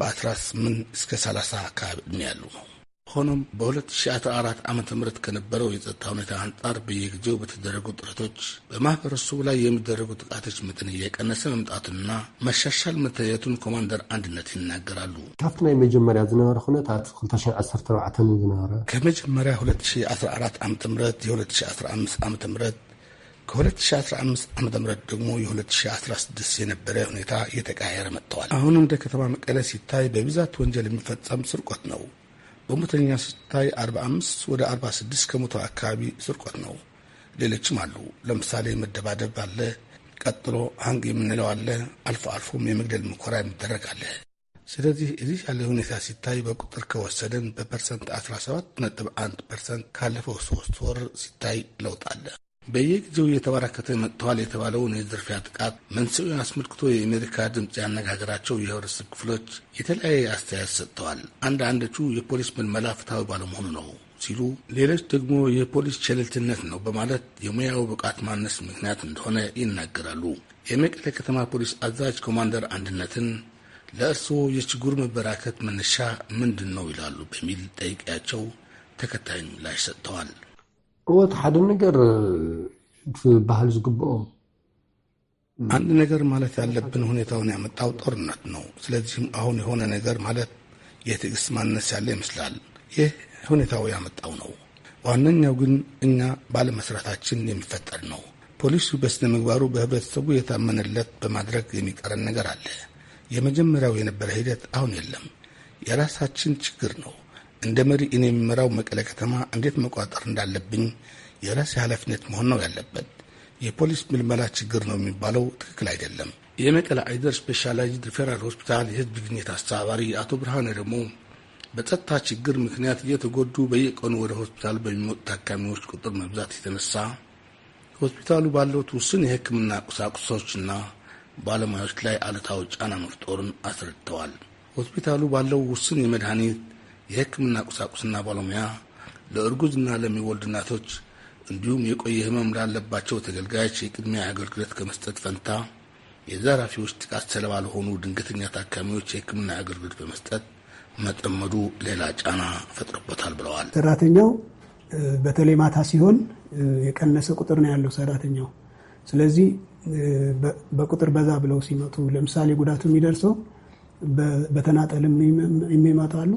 በ18 እስከ 30 አካባቢ ዕድሜ ያሉ ነው። ሆኖም በ2014 ዓ ም ከነበረው የጸጥታ ሁኔታ አንጻር በየጊዜው በተደረጉ ጥረቶች በማህበረሰቡ ላይ የሚደረጉ ጥቃቶች መጠን እየቀነሰ መምጣቱንና መሻሻል መታየቱን ኮማንደር አንድነት ይናገራሉ። ካብቲ ናይ መጀመርያ ዝነበረ ኩነታት 2014 ዝነበረ ከመጀመርያ 2014 ዓ ም የ2015 ዓ ም ከ2015 ዓ ም ደግሞ የ2016 የነበረ ሁኔታ እየተቃየረ መጥተዋል። አሁን እንደ ከተማ መቀለ ሲታይ በብዛት ወንጀል የሚፈጸም ስርቆት ነው። በሞተኛ ስታይ 45 ወደ 46 ከመቶ አካባቢ ስርቆት ነው። ሌሎችም አሉ። ለምሳሌ መደባደብ አለ። ቀጥሎ ሀንግ የምንለው አለ። አልፎ አልፎም የመግደል ምኮራ የሚደረግ አለ። ስለዚህ እዚህ ያለ ሁኔታ ሲታይ በቁጥር ከወሰደን በፐርሰንት 17 ነጥ 1 ፐርሰንት ካለፈው ሶስት ወር ሲታይ ለውጥ አለ። በየጊዜው እየተበራከተ መጥተዋል የተባለውን የዝርፊያ ጥቃት መንስኤውን አስመልክቶ የአሜሪካ ድምፅ ያነጋገራቸው የህብረተሰብ ክፍሎች የተለያየ አስተያየት ሰጥተዋል። አንዳንዶቹ የፖሊስ ምልመላ ፍትሐዊ ባለመሆኑ ነው ሲሉ፣ ሌሎች ደግሞ የፖሊስ ቸልልትነት ነው በማለት የሙያው ብቃት ማነስ ምክንያት እንደሆነ ይናገራሉ። የመቀለ ከተማ ፖሊስ አዛዥ ኮማንደር አንድነትን ለእርስዎ የችግሩ መበራከት መነሻ ምንድን ነው ይላሉ በሚል ጠይቄያቸው ተከታዩን ምላሽ ሰጥተዋል። እወ ሓደ ነገር ባህል ዝግብኦ አንድ ነገር ማለት ያለብን ሁኔታውን ያመጣው ጦርነት ነው። ስለዚህም አሁን የሆነ ነገር ማለት የትዕግስት ማነስ ያለ ይመስላል። ይህ ሁኔታው ያመጣው ነው። ዋነኛው ግን እኛ ባለመስራታችን የሚፈጠር ነው። ፖሊሱ በስነ ምግባሩ በህብረተሰቡ የታመነለት በማድረግ የሚቀረን ነገር አለ። የመጀመሪያው የነበረ ሂደት አሁን የለም። የራሳችን ችግር ነው። እንደ መሪ እኔ የምመራው መቀለ ከተማ እንዴት መቆጣጠር እንዳለብኝ የራሴ ኃላፊነት መሆን ነው ያለበት። የፖሊስ ምልመላ ችግር ነው የሚባለው ትክክል አይደለም። የመቀለ አይደር ስፔሻላይዝድ ሪፌራል ሆስፒታል የህዝብ ግንኙነት አስተባባሪ አቶ ብርሃነ ደግሞ በጸጥታ ችግር ምክንያት እየተጎዱ በየቀኑ ወደ ሆስፒታል በሚመጡ ታካሚዎች ቁጥር መብዛት የተነሳ ሆስፒታሉ ባለው ውስን የሕክምና ቁሳቁሶችና ባለሙያዎች ላይ አሉታዊ ጫና መፍጠሩን አስረድተዋል። ሆስፒታሉ ባለው ውስን የመድኃኒት የህክምና ቁሳቁስና ባለሙያ ለእርጉዝና ለሚወልድ እናቶች እንዲሁም የቆየ ህመም ላለባቸው ተገልጋዮች የቅድሚያ አገልግሎት ከመስጠት ፈንታ የዘራፊዎች ጥቃት ሰለባ ለሆኑ ድንገተኛ ታካሚዎች የህክምና አገልግሎት በመስጠት መጠመዱ ሌላ ጫና ፈጥሮበታል ብለዋል። ሰራተኛው በተለይ ማታ ሲሆን የቀነሰ ቁጥር ነው ያለው ሰራተኛው። ስለዚህ በቁጥር በዛ ብለው ሲመጡ ለምሳሌ ጉዳቱ የሚደርሰው በተናጠልም የሚመጣሉ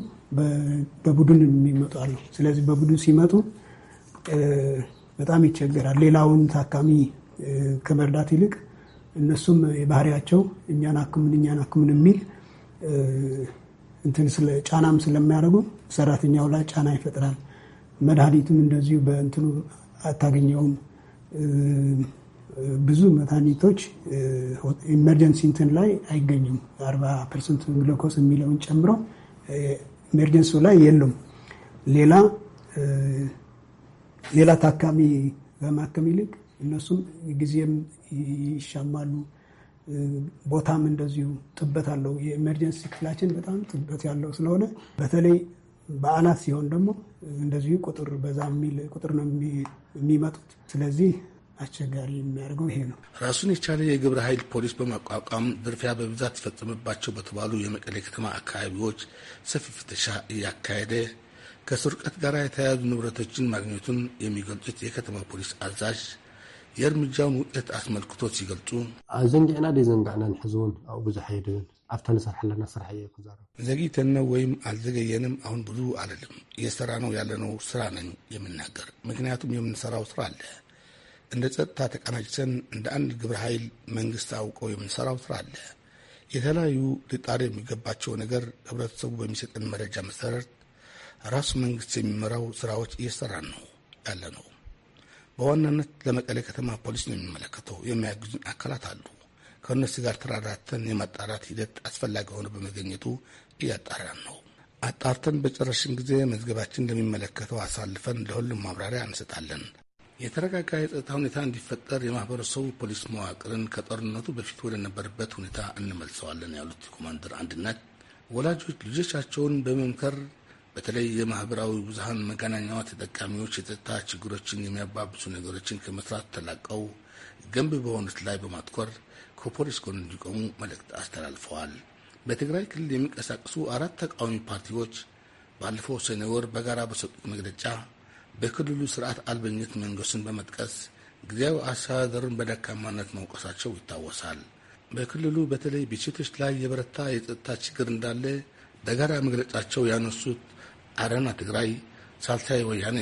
በቡድን የሚመጡ አሉ። ስለዚህ በቡድን ሲመጡ በጣም ይቸገራል። ሌላውን ታካሚ ከመርዳት ይልቅ እነሱም የባህሪያቸው እኛን አክምን እኛን አክምን የሚል እንትን ጫናም ስለሚያደርጉ ሰራተኛው ላይ ጫና ይፈጥራል። መድኃኒትም እንደዚሁ በእንትኑ አታገኘውም። ብዙ መድኃኒቶች ኢመርጀንሲ እንትን ላይ አይገኙም። አርባ ፐርሰንት ግሎኮስ የሚለውን ጨምሮ ኢሜርጀንሱ ላይ የሉም። ሌላ ሌላ ታካሚ በማከም ይልቅ እነሱም ጊዜም ይሻማሉ። ቦታም እንደዚሁ ጥበት አለው። የኤመርጀንሲ ክፍላችን በጣም ጥበት ያለው ስለሆነ በተለይ በዓላት ሲሆን ደግሞ እንደዚሁ ቁጥር በዛ የሚል ቁጥር ነው የሚመጡት። ስለዚህ አስቸጋሪ የሚያደርገው ይሄ ነው። ራሱን የቻለ የግብረ ኃይል ፖሊስ በማቋቋም ዝርፊያ በብዛት ተፈጸመባቸው በተባሉ የመቀሌ ከተማ አካባቢዎች ሰፊ ፍተሻ እያካሄደ ከስርቀት ጋር የተያያዙ ንብረቶችን ማግኘቱን የሚገልጹት የከተማ ፖሊስ አዛዥ የእርምጃውን ውጤት አስመልክቶ ሲገልጹ ዘንጊዕና ደይ ዘንጋዕና ንሕዝውን ኣብኡ ብዙሕ የድብን ኣብታ ንሰርሕ ኣለና ስራሕ እየ ክዛረብ ዘግይተን ወይም አልዘገየንም አሁን ብዙ አለልም እየሰራ ነው ያለነው ስራ ነኝ የምናገር ምክንያቱም የምንሰራው ስራ ኣለ እንደ ጸጥታ ተቀናጅተን እንደ አንድ ግብረ ኃይል መንግስት አውቀው የምንሰራው ስራ አለ። የተለያዩ ልጣሪ የሚገባቸው ነገር ህብረተሰቡ በሚሰጠን መረጃ መሰረት ራሱ መንግስት የሚመራው ስራዎች እየሰራን ነው ያለ ነው። በዋናነት ለመቀሌ ከተማ ፖሊስ ነው የሚመለከተው። የሚያግዙን አካላት አሉ። ከእነሱ ጋር ተራራተን የማጣራት ሂደት አስፈላጊ ሆነ በመገኘቱ እያጣራን ነው። አጣርተን በጨረሽን ጊዜ መዝገባችን ለሚመለከተው አሳልፈን ለሁሉም ማብራሪያ እንሰጣለን። የተረጋጋ የጸጥታ ሁኔታ እንዲፈጠር የማህበረሰቡ ፖሊስ መዋቅርን ከጦርነቱ በፊት ወደነበረበት ሁኔታ እንመልሰዋለን ያሉት ኮማንደር አንድነት ወላጆች ልጆቻቸውን በመምከር በተለይ የማህበራዊ ብዙሀን መገናኛዋ ተጠቃሚዎች የጸጥታ ችግሮችን የሚያባብሱ ነገሮችን ከመስራት ተላቀው ገንቢ በሆኑት ላይ በማትኮር ከፖሊስ ጎን እንዲቆሙ መልእክት አስተላልፈዋል። በትግራይ ክልል የሚንቀሳቀሱ አራት ተቃዋሚ ፓርቲዎች ባለፈው ሰኔ ወር በጋራ በሰጡት መግለጫ በክልሉ ስርዓት አልበኝነት መንገስን በመጥቀስ ጊዜያዊ አስተዳደርን በደካማነት መውቀሳቸው ይታወሳል። በክልሉ በተለይ በሴቶች ላይ የበረታ የጸጥታ ችግር እንዳለ በጋራ መግለጫቸው ያነሱት አረና ትግራይ፣ ሳልሳይ ወያኔ፣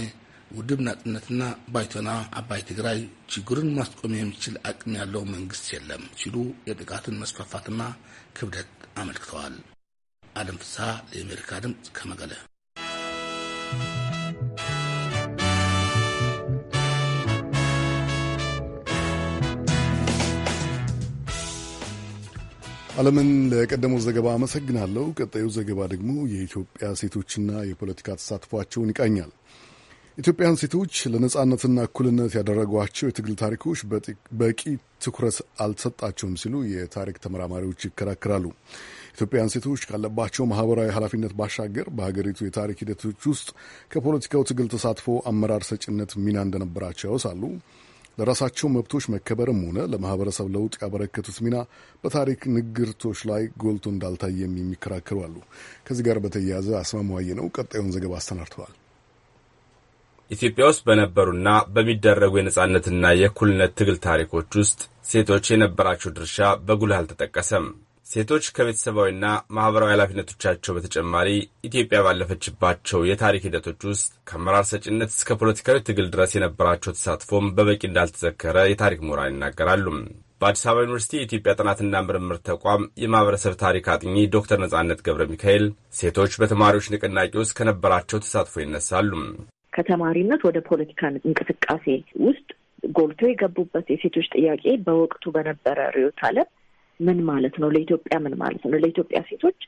ውድብ ናጽነትና ባይቶና አባይ ትግራይ ችግሩን ማስቆም የሚችል አቅም ያለው መንግስት የለም ሲሉ የጥቃትን መስፋፋትና ክብደት አመልክተዋል። አለም ፍስሐ ለአሜሪካ ድምፅ ከመቀለ ዓለምን ለቀደመው ዘገባ አመሰግናለሁ። ቀጣዩ ዘገባ ደግሞ የኢትዮጵያ ሴቶችና የፖለቲካ ተሳትፏቸውን ይቃኛል። ኢትዮጵያን ሴቶች ለነጻነትና እኩልነት ያደረጓቸው የትግል ታሪኮች በቂ ትኩረት አልተሰጣቸውም ሲሉ የታሪክ ተመራማሪዎች ይከራከራሉ። ኢትዮጵያን ሴቶች ካለባቸው ማህበራዊ ኃላፊነት ባሻገር በሀገሪቱ የታሪክ ሂደቶች ውስጥ ከፖለቲካው ትግል ተሳትፎ አመራር ሰጭነት ሚና እንደነበራቸው ያወሳሉ። ለራሳቸው መብቶች መከበርም ሆነ ለማህበረሰብ ለውጥ ያበረከቱት ሚና በታሪክ ንግርቶች ላይ ጎልቶ እንዳልታየም የሚከራከሩ አሉ። ከዚህ ጋር በተያያዘ አስማማዋየ ነው ቀጣዩን ዘገባ አሰናድተዋል። ኢትዮጵያ ውስጥ በነበሩና በሚደረጉ የነጻነትና የእኩልነት ትግል ታሪኮች ውስጥ ሴቶች የነበራቸው ድርሻ በጉልህ አልተጠቀሰም። ሴቶች ከቤተሰባዊና ማኅበራዊ ኃላፊነቶቻቸው በተጨማሪ ኢትዮጵያ ባለፈችባቸው የታሪክ ሂደቶች ውስጥ ከአመራር ሰጭነት እስከ ፖለቲካዊ ትግል ድረስ የነበራቸው ተሳትፎም በበቂ እንዳልተዘከረ የታሪክ ምሁራን ይናገራሉ። በአዲስ አበባ ዩኒቨርሲቲ የኢትዮጵያ ጥናትና ምርምር ተቋም የማህበረሰብ ታሪክ አጥኚ ዶክተር ነጻነት ገብረ ሚካኤል ሴቶች በተማሪዎች ንቅናቄ ውስጥ ከነበራቸው ተሳትፎ ይነሳሉ። ከተማሪነት ወደ ፖለቲካ እንቅስቃሴ ውስጥ ጎልቶ የገቡበት የሴቶች ጥያቄ በወቅቱ በነበረ ርዕዮተ ዓለም ምን ማለት ነው? ለኢትዮጵያ ምን ማለት ነው? ለኢትዮጵያ ሴቶች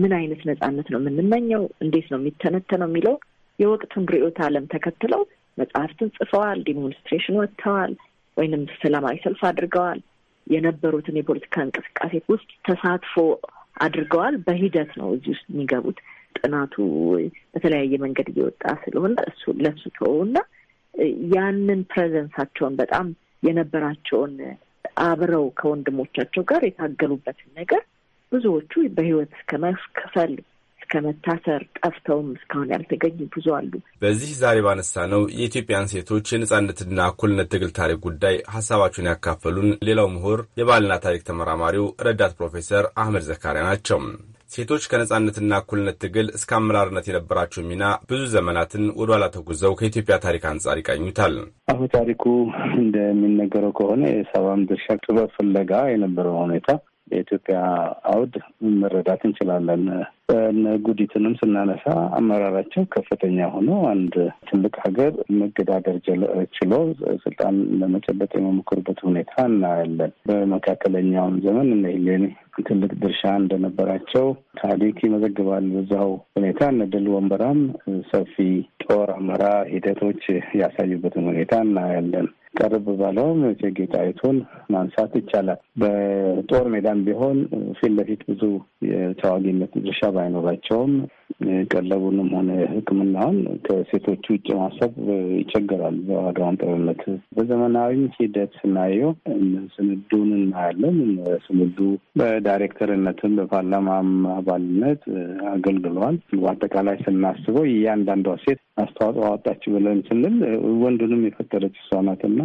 ምን አይነት ነጻነት ነው የምንመኘው? እንዴት ነው የሚተነተነው የሚለው የወቅቱን ርዕዮተ ዓለም ተከትለው መጽሐፍትን ጽፈዋል። ዲሞንስትሬሽን ወጥተዋል፣ ወይንም ሰላማዊ ሰልፍ አድርገዋል። የነበሩትን የፖለቲካ እንቅስቃሴ ውስጥ ተሳትፎ አድርገዋል። በሂደት ነው እዚህ ውስጥ የሚገቡት። ጥናቱ በተለያየ መንገድ እየወጣ ስለሆነ እሱ ለሱ እና ያንን ፕሬዘንሳቸውን በጣም የነበራቸውን አብረው ከወንድሞቻቸው ጋር የታገሉበትን ነገር ብዙዎቹ በህይወት እስከ እስከ መታሰር ጠፍተውም እስካሁን ያልተገኙ ብዙ አሉ። በዚህ ዛሬ ባነሳ ነው የኢትዮጵያን ሴቶች የነጻነትና እኩልነት ትግል ታሪክ ጉዳይ ሀሳባቸውን ያካፈሉን ሌላው ምሁር የባህልና ታሪክ ተመራማሪው ረዳት ፕሮፌሰር አህመድ ዘካሪያ ናቸው። ሴቶች ከነጻነትና እኩልነት ትግል እስከ አመራርነት የነበራቸው ሚና ብዙ ዘመናትን ወደ ኋላ ተጉዘው ከኢትዮጵያ ታሪክ አንጻር ይቃኙታል። አፈ ታሪኩ እንደሚነገረው ከሆነ የሰባም ድርሻ ጥበብ ፍለጋ የነበረው ሁኔታ በኢትዮጵያ አውድ መረዳት እንችላለን። ጉዲትንም ስናነሳ አመራራቸው ከፍተኛ ሆኖ አንድ ትልቅ ሀገር መገዳደር ችሎ ስልጣን ለመጨበጥ የመሞክርበት ሁኔታ እናያለን። በመካከለኛውም ዘመን እነ ትልቅ ድርሻ እንደነበራቸው ታሪክ ይመዘግባል። በዛው ሁኔታ እነ ድል ወንበራም ሰፊ ጦር አመራ ሂደቶች ያሳዩበትን ሁኔታ እናያለን። ቀርብ ባለውም እቴጌ ጣይቱን ማንሳት ይቻላል። በጦር ሜዳም ቢሆን ፊት ለፊት ብዙ የተዋጊነት ድርሻ ባይኖራቸውም ቀለቡንም ሆነ ሕክምናውን ከሴቶቹ ውጭ ማሰብ ይቸገራል። በአድዋን ጦርነት በዘመናዊም ሂደት ስናየው ስንዱን እናያለን። ስንዱ በዳይሬክተርነትም በፓርላማም አባልነት አገልግሏል። በአጠቃላይ ስናስበው እያንዳንዷ ሴት አስተዋጽኦ አወጣች ብለን ስንል ወንዱንም የፈጠረች እሷ ናትና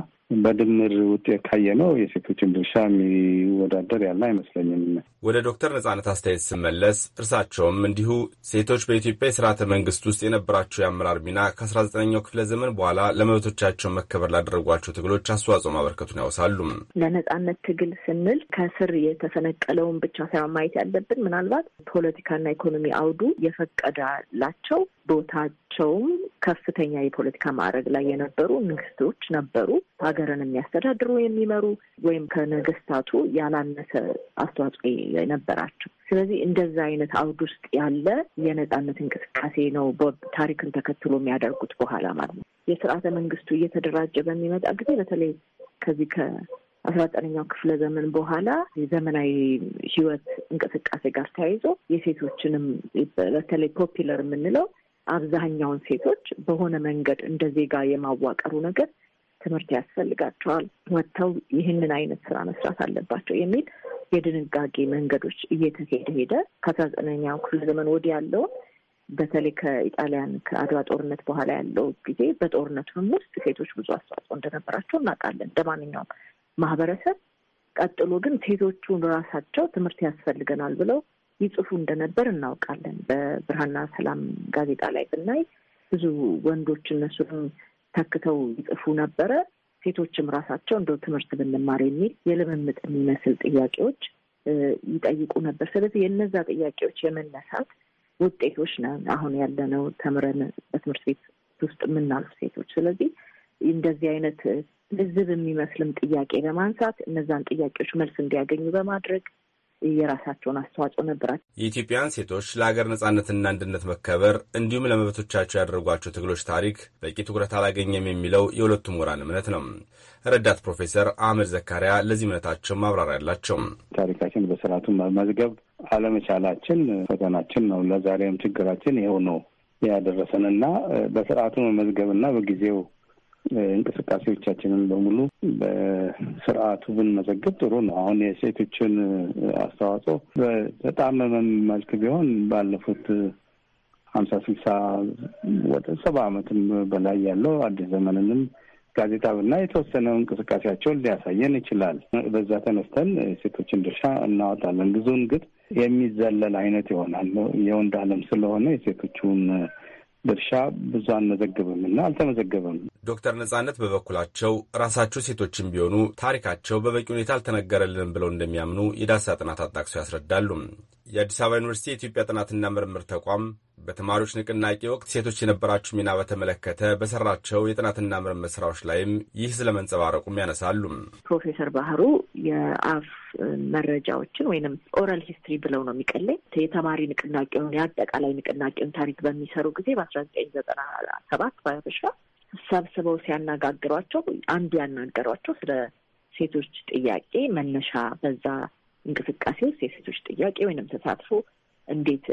በድምር ውጤት ካየ ነው የሴቶችን ድርሻ የሚወዳደር ያለ አይመስለኝም። ወደ ዶክተር ነጻነት አስተያየት ስመለስ እርሳቸውም እንዲሁ ሴቶች በኢትዮጵያ የስርዓተ መንግስት ውስጥ የነበራቸው የአመራር ሚና ከ19ኛው ክፍለ ዘመን በኋላ ለመብቶቻቸው መከበር ላደረጓቸው ትግሎች አስተዋጽኦ ማበርከቱን ያውሳሉ። ለነጻነት ትግል ስንል ከስር የተፈነቀለውን ብቻ ሳይሆን ማየት ያለብን ምናልባት ፖለቲካና ኢኮኖሚ አውዱ የፈቀዳላቸው ቦታቸውም ከፍተኛ የፖለቲካ ማዕረግ ላይ የነበሩ ንግስቶች ነበሩ። ሀገር ሀገርን የሚያስተዳድሩ የሚመሩ ወይም ከነገስታቱ ያላነሰ አስተዋጽኦ የነበራቸው ስለዚህ እንደዛ አይነት አውድ ውስጥ ያለ የነጻነት እንቅስቃሴ ነው ታሪክን ተከትሎ የሚያደርጉት በኋላ ማለት ነው። የስርዓተ መንግስቱ እየተደራጀ በሚመጣ ጊዜ በተለይ ከዚህ ከ አስራ ዘጠነኛው ክፍለ ዘመን በኋላ የዘመናዊ ህይወት እንቅስቃሴ ጋር ተያይዞ የሴቶችንም በተለይ ፖፒለር የምንለው አብዛኛውን ሴቶች በሆነ መንገድ እንደ ዜጋ የማዋቀሩ ነገር ትምህርት ያስፈልጋቸዋል፣ ወጥተው ይህንን አይነት ስራ መስራት አለባቸው የሚል የድንጋጌ መንገዶች እየተሄደ ሄደ ከአስራ ዘጠነኛው ክፍለ ዘመን ወዲህ ያለውን በተለይ ከኢጣሊያን ከአድዋ ጦርነት በኋላ ያለው ጊዜ በጦርነቱም ውስጥ ሴቶች ብዙ አስተዋጽኦ እንደነበራቸው እናውቃለን እንደ ማንኛውም ማህበረሰብ። ቀጥሎ ግን ሴቶቹን ራሳቸው ትምህርት ያስፈልገናል ብለው ይጽፉ እንደነበር እናውቃለን። በብርሃንና ሰላም ጋዜጣ ላይ ብናይ ብዙ ወንዶች እነሱንም ተክተው ይጽፉ ነበረ። ሴቶችም ራሳቸው እንደው ትምህርት ብንማር የሚል የልምምጥ የሚመስል ጥያቄዎች ይጠይቁ ነበር። ስለዚህ የእነዛ ጥያቄዎች የመነሳት ውጤቶች ነን አሁን ያለነው ተምረን በትምህርት ቤት ውስጥ የምናልፍ ሴቶች። ስለዚህ እንደዚህ አይነት ልዝብ የሚመስልም ጥያቄ በማንሳት እነዛን ጥያቄዎች መልስ እንዲያገኙ በማድረግ የራሳቸውን አስተዋጽኦ ነበራቸው። የኢትዮጵያን ሴቶች ለሀገር ነጻነትና አንድነት መከበር እንዲሁም ለመብቶቻቸው ያደረጓቸው ትግሎች ታሪክ በቂ ትኩረት አላገኘም የሚለው የሁለቱ ምሁራን እምነት ነው። ረዳት ፕሮፌሰር አህመድ ዘካሪያ ለዚህ እምነታቸው ማብራሪያ አላቸው። ታሪካችን በስርዓቱ መመዝገብ አለመቻላችን ፈተናችን ነው። ለዛሬም ችግራችን ይኸው ነው ያደረሰን እና በስርዓቱ መመዝገብና በጊዜው እንቅስቃሴዎቻችንን በሙሉ በስርዓቱ ብንመዘግብ ጥሩ ነው። አሁን የሴቶችን አስተዋጽኦ በጣም መልክ ቢሆን ባለፉት ሀምሳ ስልሳ ወደ ሰባ አመትም በላይ ያለው አዲስ ዘመንንም ጋዜጣ ብና የተወሰነው እንቅስቃሴያቸውን ሊያሳየን ይችላል። በዛ ተነስተን የሴቶችን ድርሻ እናወጣለን። ብዙ እንግድ የሚዘለል አይነት ይሆናል። የወንድ አለም ስለሆነ የሴቶቹን ድርሻ ብዙ አንመዘግብም እና አልተመዘገበም። ዶክተር ነጻነት በበኩላቸው ራሳቸው ሴቶችም ቢሆኑ ታሪካቸው በበቂ ሁኔታ አልተነገረልንም ብለው እንደሚያምኑ የዳሳ ጥናት አጣቅሰው ያስረዳሉ። የአዲስ አበባ ዩኒቨርሲቲ የኢትዮጵያ ጥናትና ምርምር ተቋም በተማሪዎች ንቅናቄ ወቅት ሴቶች የነበራቸው ሚና በተመለከተ በሰራቸው የጥናትና ምርምር ስራዎች ላይም ይህ ስለመንጸባረቁም ያነሳሉ። ፕሮፌሰር ባህሩ የአፍ መረጃዎችን ወይንም ኦራል ሂስትሪ ብለው ነው የሚቀለኝ የተማሪ ንቅናቄውን የአጠቃላይ ንቅናቄውን ታሪክ በሚሰሩ ጊዜ በአስራ ዘጠኝ ዘጠና ሰባት ባያበሻ ሰብስበው ሲያነጋግሯቸው አንዱ ያናገሯቸው ስለ ሴቶች ጥያቄ መነሻ በዛ እንቅስቃሴ ውስጥ የሴቶች ጥያቄ ወይንም ተሳትፎ እንዴት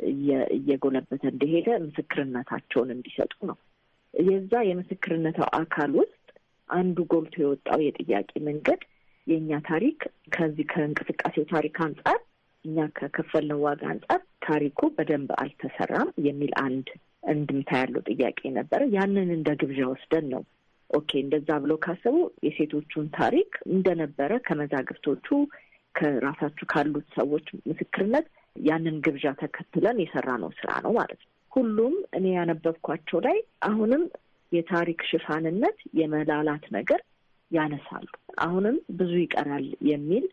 እየጎለበተ እንደሄደ ምስክርነታቸውን እንዲሰጡ ነው። የዛ የምስክርነት አካል ውስጥ አንዱ ጎልቶ የወጣው የጥያቄ መንገድ የእኛ ታሪክ ከዚህ ከእንቅስቃሴው ታሪክ አንጻር እኛ ከከፈልነው ዋጋ አንጻር ታሪኩ በደንብ አልተሰራም የሚል አንድ እንድምታ ያለው ጥያቄ ነበረ። ያንን እንደ ግብዣ ወስደን ነው ኦኬ፣ እንደዛ ብለው ካሰቡ የሴቶቹን ታሪክ እንደነበረ ከመዛግብቶቹ ከራሳችሁ ካሉት ሰዎች ምስክርነት ያንን ግብዣ ተከትለን የሰራ ነው ስራ ነው ማለት ነው። ሁሉም እኔ ያነበብኳቸው ላይ አሁንም የታሪክ ሽፋንነት የመላላት ነገር ያነሳሉ። አሁንም ብዙ ይቀራል የሚል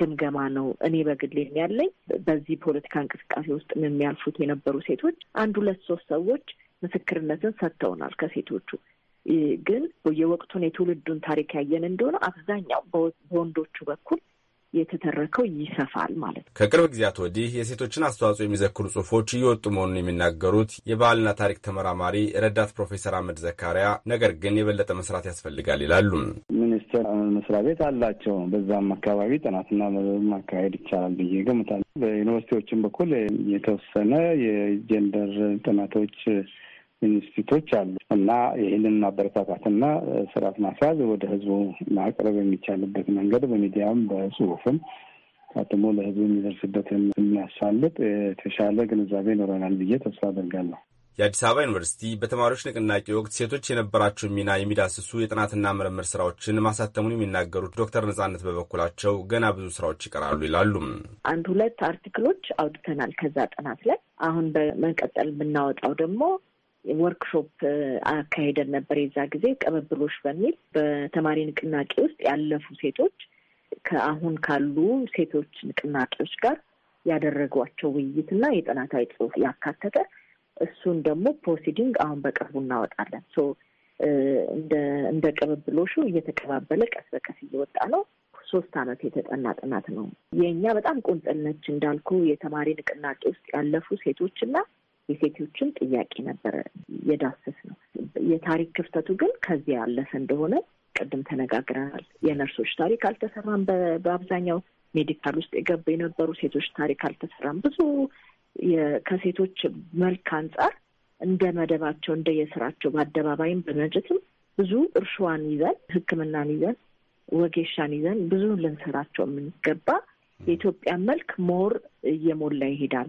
ግምገማ ነው። እኔ በግሌም ያለኝ በዚህ ፖለቲካ እንቅስቃሴ ውስጥ የሚያልፉት የነበሩ ሴቶች አንድ ሁለት ሶስት ሰዎች ምስክርነትን ሰጥተውናል። ከሴቶቹ ግን የወቅቱን የትውልዱን ታሪክ ያየን እንደሆነ አብዛኛው በወንዶቹ በኩል የተተረከው ይሰፋል ማለት ነው። ከቅርብ ጊዜያት ወዲህ የሴቶችን አስተዋጽኦ የሚዘክሩ ጽሁፎች እየወጡ መሆኑን የሚናገሩት የባህልና ታሪክ ተመራማሪ ረዳት ፕሮፌሰር አህመድ ዘካሪያ ነገር ግን የበለጠ መስራት ያስፈልጋል ይላሉ። ሚኒስቴር መስሪያ ቤት አላቸው። በዛም አካባቢ ጥናትና ማካሄድ ይቻላል ብዬ ገምታለሁ። በዩኒቨርሲቲዎችም በኩል የተወሰነ የጀንደር ጥናቶች ኢንስቲቱቶች አሉ እና ይህንን ማበረታታትና ስርዓት ማስያዝ ወደ ህዝቡ ማቅረብ የሚቻልበት መንገድ በሚዲያም በጽሁፍም ታትሞ ለህዝቡ የሚደርስበትን የሚያሳልጥ የተሻለ ግንዛቤ ይኖረናል ብዬ ተስፋ አደርጋለሁ። የአዲስ አበባ ዩኒቨርሲቲ በተማሪዎች ንቅናቄ ወቅት ሴቶች የነበራቸውን ሚና የሚዳስሱ የጥናትና ምርምር ስራዎችን ማሳተሙን የሚናገሩት ዶክተር ነጻነት በበኩላቸው ገና ብዙ ስራዎች ይቀራሉ ይላሉ። አንድ ሁለት አርቲክሎች አውጥተናል ከዛ ጥናት ላይ። አሁን በመቀጠል የምናወጣው ደግሞ ወርክሾፕ አካሄደን ነበር የዛ ጊዜ ቀበብሎች በሚል በተማሪ ንቅናቄ ውስጥ ያለፉ ሴቶች ከአሁን ካሉ ሴቶች ንቅናቄዎች ጋር ያደረጓቸው ውይይትና የጥናታዊ ጽሁፍ ያካተተ እሱን ደግሞ ፕሮሲዲንግ አሁን በቅርቡ እናወጣለን። ሶ እንደ ቅብብሎሹ እየተቀባበለ ቀስ በቀስ እየወጣ ነው። ሶስት አመት የተጠና ጥናት ነው። የእኛ በጣም ቁንጥል ነች እንዳልኩ የተማሪ ንቅናቄ ውስጥ ያለፉ ሴቶችና የሴቶችን ጥያቄ ነበረ የዳሰስ ነው። የታሪክ ክፍተቱ ግን ከዚህ ያለፈ እንደሆነ ቅድም ተነጋግረናል። የነርሶች ታሪክ አልተሰራም። በአብዛኛው ሜዲካል ውስጥ የገቡ የነበሩ ሴቶች ታሪክ አልተሰራም። ብዙ ከሴቶች መልክ አንጻር እንደ መደባቸው እንደ የስራቸው በአደባባይም በመጀትም ብዙ እርሻዋን ይዘን ሕክምናን ይዘን ወጌሻን ይዘን ብዙ ልንሰራቸው የምንገባ የኢትዮጵያን መልክ ሞር እየሞላ ይሄዳል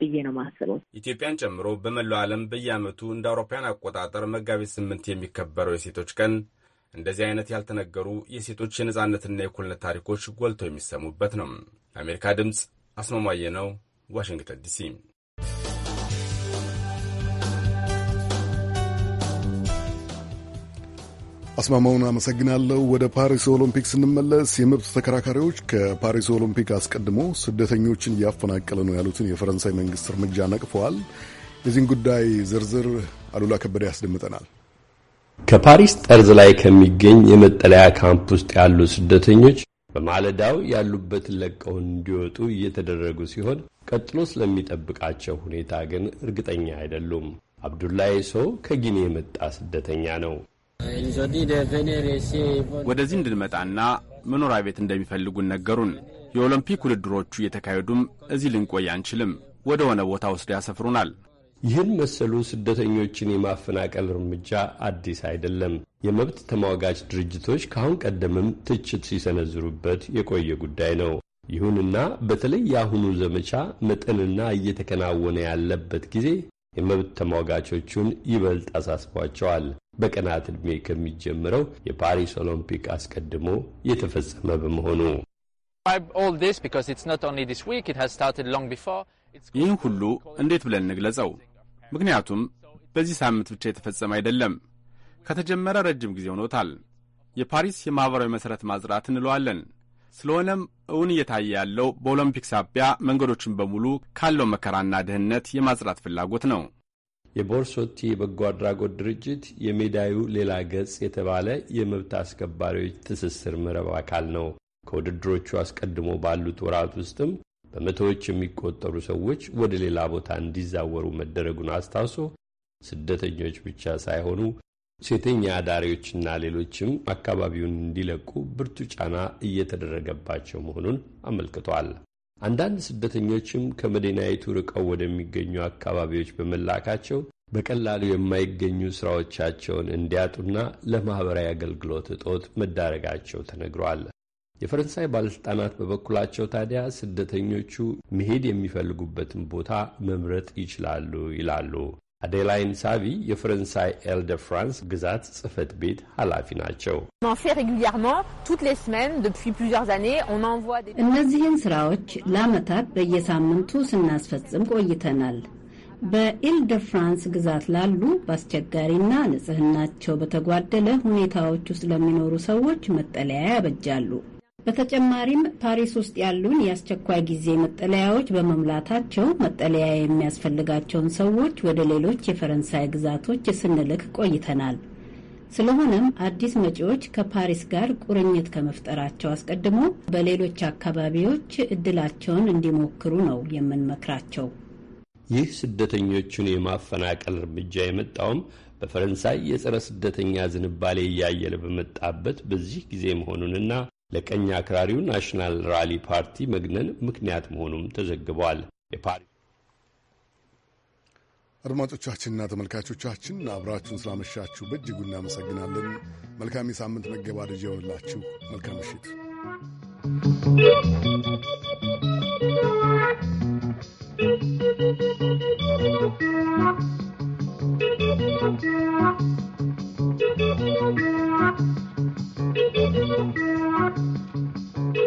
ብዬ ነው ማስበው። ኢትዮጵያን ጨምሮ በመላው ዓለም በየዓመቱ እንደ አውሮፓውያን አቆጣጠር መጋቢት ስምንት የሚከበረው የሴቶች ቀን እንደዚህ አይነት ያልተነገሩ የሴቶች የነጻነትና የእኩልነት ታሪኮች ጎልተው የሚሰሙበት ነው። ለአሜሪካ ድምፅ አስማማየ ነው ዋሽንግተን ዲሲ። አስማማውን አመሰግናለሁ። ወደ ፓሪስ ኦሎምፒክ ስንመለስ የመብት ተከራካሪዎች ከፓሪስ ኦሎምፒክ አስቀድሞ ስደተኞችን እያፈናቀለ ነው ያሉትን የፈረንሳይ መንግሥት እርምጃ ነቅፈዋል። የዚህን ጉዳይ ዝርዝር አሉላ ከበደ ያስደምጠናል። ከፓሪስ ጠርዝ ላይ ከሚገኝ የመጠለያ ካምፕ ውስጥ ያሉ ስደተኞች በማለዳው ያሉበትን ለቀው እንዲወጡ እየተደረጉ ሲሆን ቀጥሎ ስለሚጠብቃቸው ሁኔታ ግን እርግጠኛ አይደሉም። አብዱላይ ሰው ከጊኒ የመጣ ስደተኛ ነው። ወደዚህ እንድንመጣና መኖሪያ ቤት እንደሚፈልጉን ነገሩን። የኦሎምፒክ ውድድሮቹ እየተካሄዱም እዚህ ልንቆይ አንችልም። ወደ ሆነ ቦታ ወስዶ ያሰፍሩናል። ይህን መሰሉ ስደተኞችን የማፈናቀል እርምጃ አዲስ አይደለም። የመብት ተሟጋች ድርጅቶች ከአሁን ቀደምም ትችት ሲሰነዝሩበት የቆየ ጉዳይ ነው። ይሁንና በተለይ የአሁኑ ዘመቻ መጠንና እየተከናወነ ያለበት ጊዜ የመብት ተሟጋቾቹን ይበልጥ አሳስቧቸዋል። በቀናት ዕድሜ ከሚጀምረው የፓሪስ ኦሎምፒክ አስቀድሞ የተፈጸመ በመሆኑ ይህን ሁሉ እንዴት ብለን እንግለጸው? ምክንያቱም በዚህ ሳምንት ብቻ የተፈጸመ አይደለም። ከተጀመረ ረጅም ጊዜ ሆኖታል። የፓሪስ የማኅበራዊ መሠረት ማጽዳት እንለዋለን። ስለሆነም እውን እየታየ ያለው በኦሎምፒክ ሳቢያ መንገዶችን በሙሉ ካለው መከራና ድህነት የማጽዳት ፍላጎት ነው። የቦርሶቲ የበጎ አድራጎት ድርጅት የሜዳዩ ሌላ ገጽ የተባለ የመብት አስከባሪዎች ትስስር መረብ አካል ነው። ከውድድሮቹ አስቀድሞ ባሉት ወራት ውስጥም በመቶዎች የሚቆጠሩ ሰዎች ወደ ሌላ ቦታ እንዲዛወሩ መደረጉን አስታውሶ ስደተኞች ብቻ ሳይሆኑ ሴተኛ አዳሪዎችና ሌሎችም አካባቢውን እንዲለቁ ብርቱ ጫና እየተደረገባቸው መሆኑን አመልክቷል። አንዳንድ ስደተኞችም ከመዲናይቱ ርቀው ወደሚገኙ አካባቢዎች በመላካቸው በቀላሉ የማይገኙ ሥራዎቻቸውን እንዲያጡና ለማኅበራዊ አገልግሎት እጦት መዳረጋቸው ተነግሯል። የፈረንሳይ ባለሥልጣናት በበኩላቸው ታዲያ ስደተኞቹ መሄድ የሚፈልጉበትን ቦታ መምረጥ ይችላሉ ይላሉ። አዴላይን ሳቪ የፈረንሳይ ኤል ደ ፍራንስ ግዛት ጽህፈት ቤት ኃላፊ ናቸው። እነዚህን ስራዎች ለአመታት በየሳምንቱ ስናስፈጽም ቆይተናል። በኢል ደ ፍራንስ ግዛት ላሉ በአስቸጋሪና ንጽህናቸው በተጓደለ ሁኔታዎች ውስጥ ለሚኖሩ ሰዎች መጠለያ ያበጃሉ። በተጨማሪም ፓሪስ ውስጥ ያሉን የአስቸኳይ ጊዜ መጠለያዎች በመሙላታቸው መጠለያ የሚያስፈልጋቸውን ሰዎች ወደ ሌሎች የፈረንሳይ ግዛቶች ስንልክ ቆይተናል። ስለሆነም አዲስ መጪዎች ከፓሪስ ጋር ቁርኝት ከመፍጠራቸው አስቀድሞ በሌሎች አካባቢዎች እድላቸውን እንዲሞክሩ ነው የምንመክራቸው። ይህ ስደተኞቹን የማፈናቀል እርምጃ የመጣውም በፈረንሳይ የጸረ ስደተኛ ዝንባሌ እያየለ በመጣበት በዚህ ጊዜ መሆኑንና ለቀኝ አክራሪው ናሽናል ራሊ ፓርቲ መግነን ምክንያት መሆኑም ተዘግቧል። አድማጮቻችንና ተመልካቾቻችን አብራችሁን ስላመሻችሁ በእጅጉ እናመሰግናለን። መልካም የሳምንት መገባደጃ ይሆንላችሁ። መልካም ምሽት።